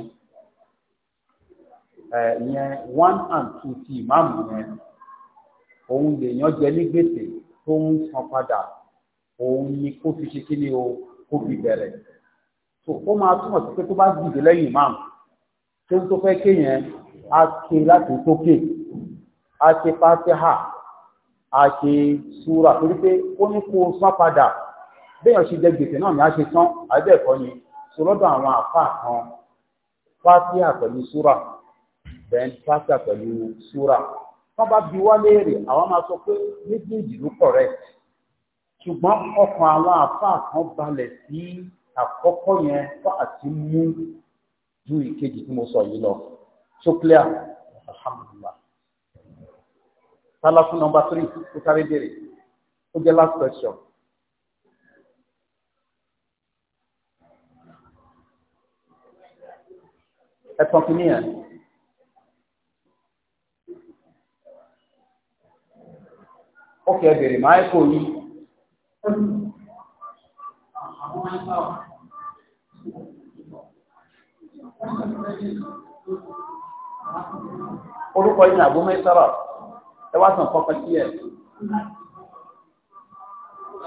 yẹn one and two ti ìmáàmù yẹn òun lèèyàn jẹ ní gbèsè tó ń san padà òun ni kó fi ṣe kí ni o kó fi bẹ̀rẹ̀ tó ó máa túmọ̀ sí pé tó bá dìde lẹ́yìn ìmáàmù tó tó fẹ́ kéèyàn á ké láti sókè á ké pátíhà á ké súra torí pé ó ní kó san padà béèyàn ṣe jẹ gbèsè náà ni á ṣe san àbẹ́ẹ̀kọ́ ni sọlọ́dọ̀ àwọn àfa kan fátíà pẹ̀lú súrà bẹ́ẹ̀ fátíà pẹ̀lú súrà wọ́n bá bi wá léèrè àwọn máa sọ pé méjèèjì ló correct ṣùgbọ́n ọkàn àwọn àfa kan balẹ̀ sí àkọ́kọ́ yẹn fún àti mú ju ìkejì tí mo sọ yìí lọ so clear alhamdulilah tala fún number three ó sáré béèrè ó jẹ́ last question. ẹ̀tọ́ kìíní yẹn. ó kẹ́ bèrè máa kò yí. orúkọ yìí nàbó mẹ́sàrà ẹ wá sàn kọ́kọ́ sí ẹ̀.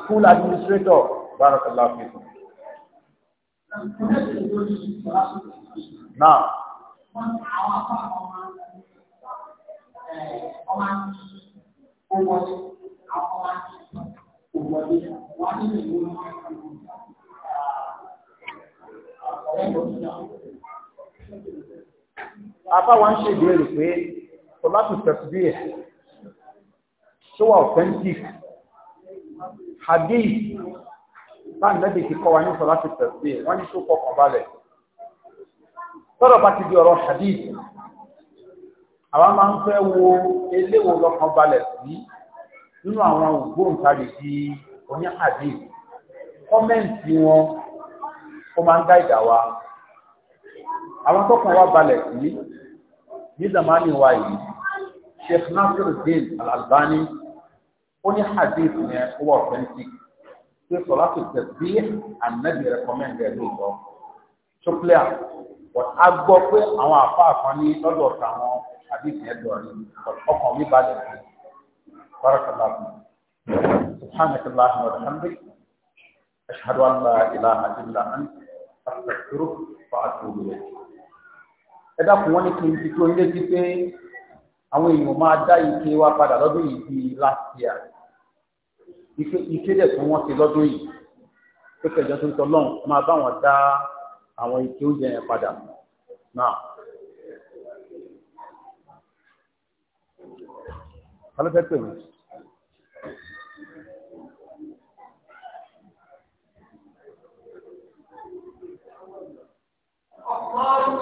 school administrator barakallahu fiikum náà. Àbáwọn ṣe ìbéèrè pé Ọlátù Tẹ̀sìbí ẹ̀ tó wà authentic hadith bá nẹ́bì ti kọ́ wa ní Ọlátù Tẹ̀sìbí wọ́n ní tó kọkàn balẹ̀ tọ́rọ̀ bá ti di ọ̀rọ̀ hadith àwọn máa ń fẹ́ wo eléwo lọ́kàn balẹ̀ sí nínú àwọn ògbóǹtarìgì oní hadith kọ́mẹ́ǹtì wọn ó máa ń dá ìdá wa àwọn tọ́kàn wa balẹ̀ sí ní zamani wa yìí Sheikh Nasiruddin Al-Albani ó ní hadith yẹn ó wà authentic pé sọlá tó tẹ̀sí ànábì rẹ̀ kọ́mẹ́ǹtì ẹ̀ lóòótọ́ tó clear a gbọ́ pé àwọn àfáà kan ní lọ́dọ̀ tàwọn àdìsí ẹ̀dọ̀ rí ọkàn mi balẹ̀ sí barakallahu سبحانك اللهم وبحمدك أشهد أن لا إله إلا أنت أستغفرك وأتوب إليك ẹ dákun wọn ní kí n ti àwọn èèyàn máa dá ike wa padà lọ́dún yìí bíi last year ike dẹ̀ tí wọ́n ti lọ́dún yìí pé kẹjọ tó ń tọ́ lọ́hùn máa bá wọn dá àwọn ike oúnjẹ yẹn padà náà. Alẹ́fẹ́ pè mí. Allahu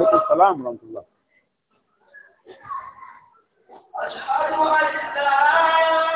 Akbar, Allahu أشهد أن لا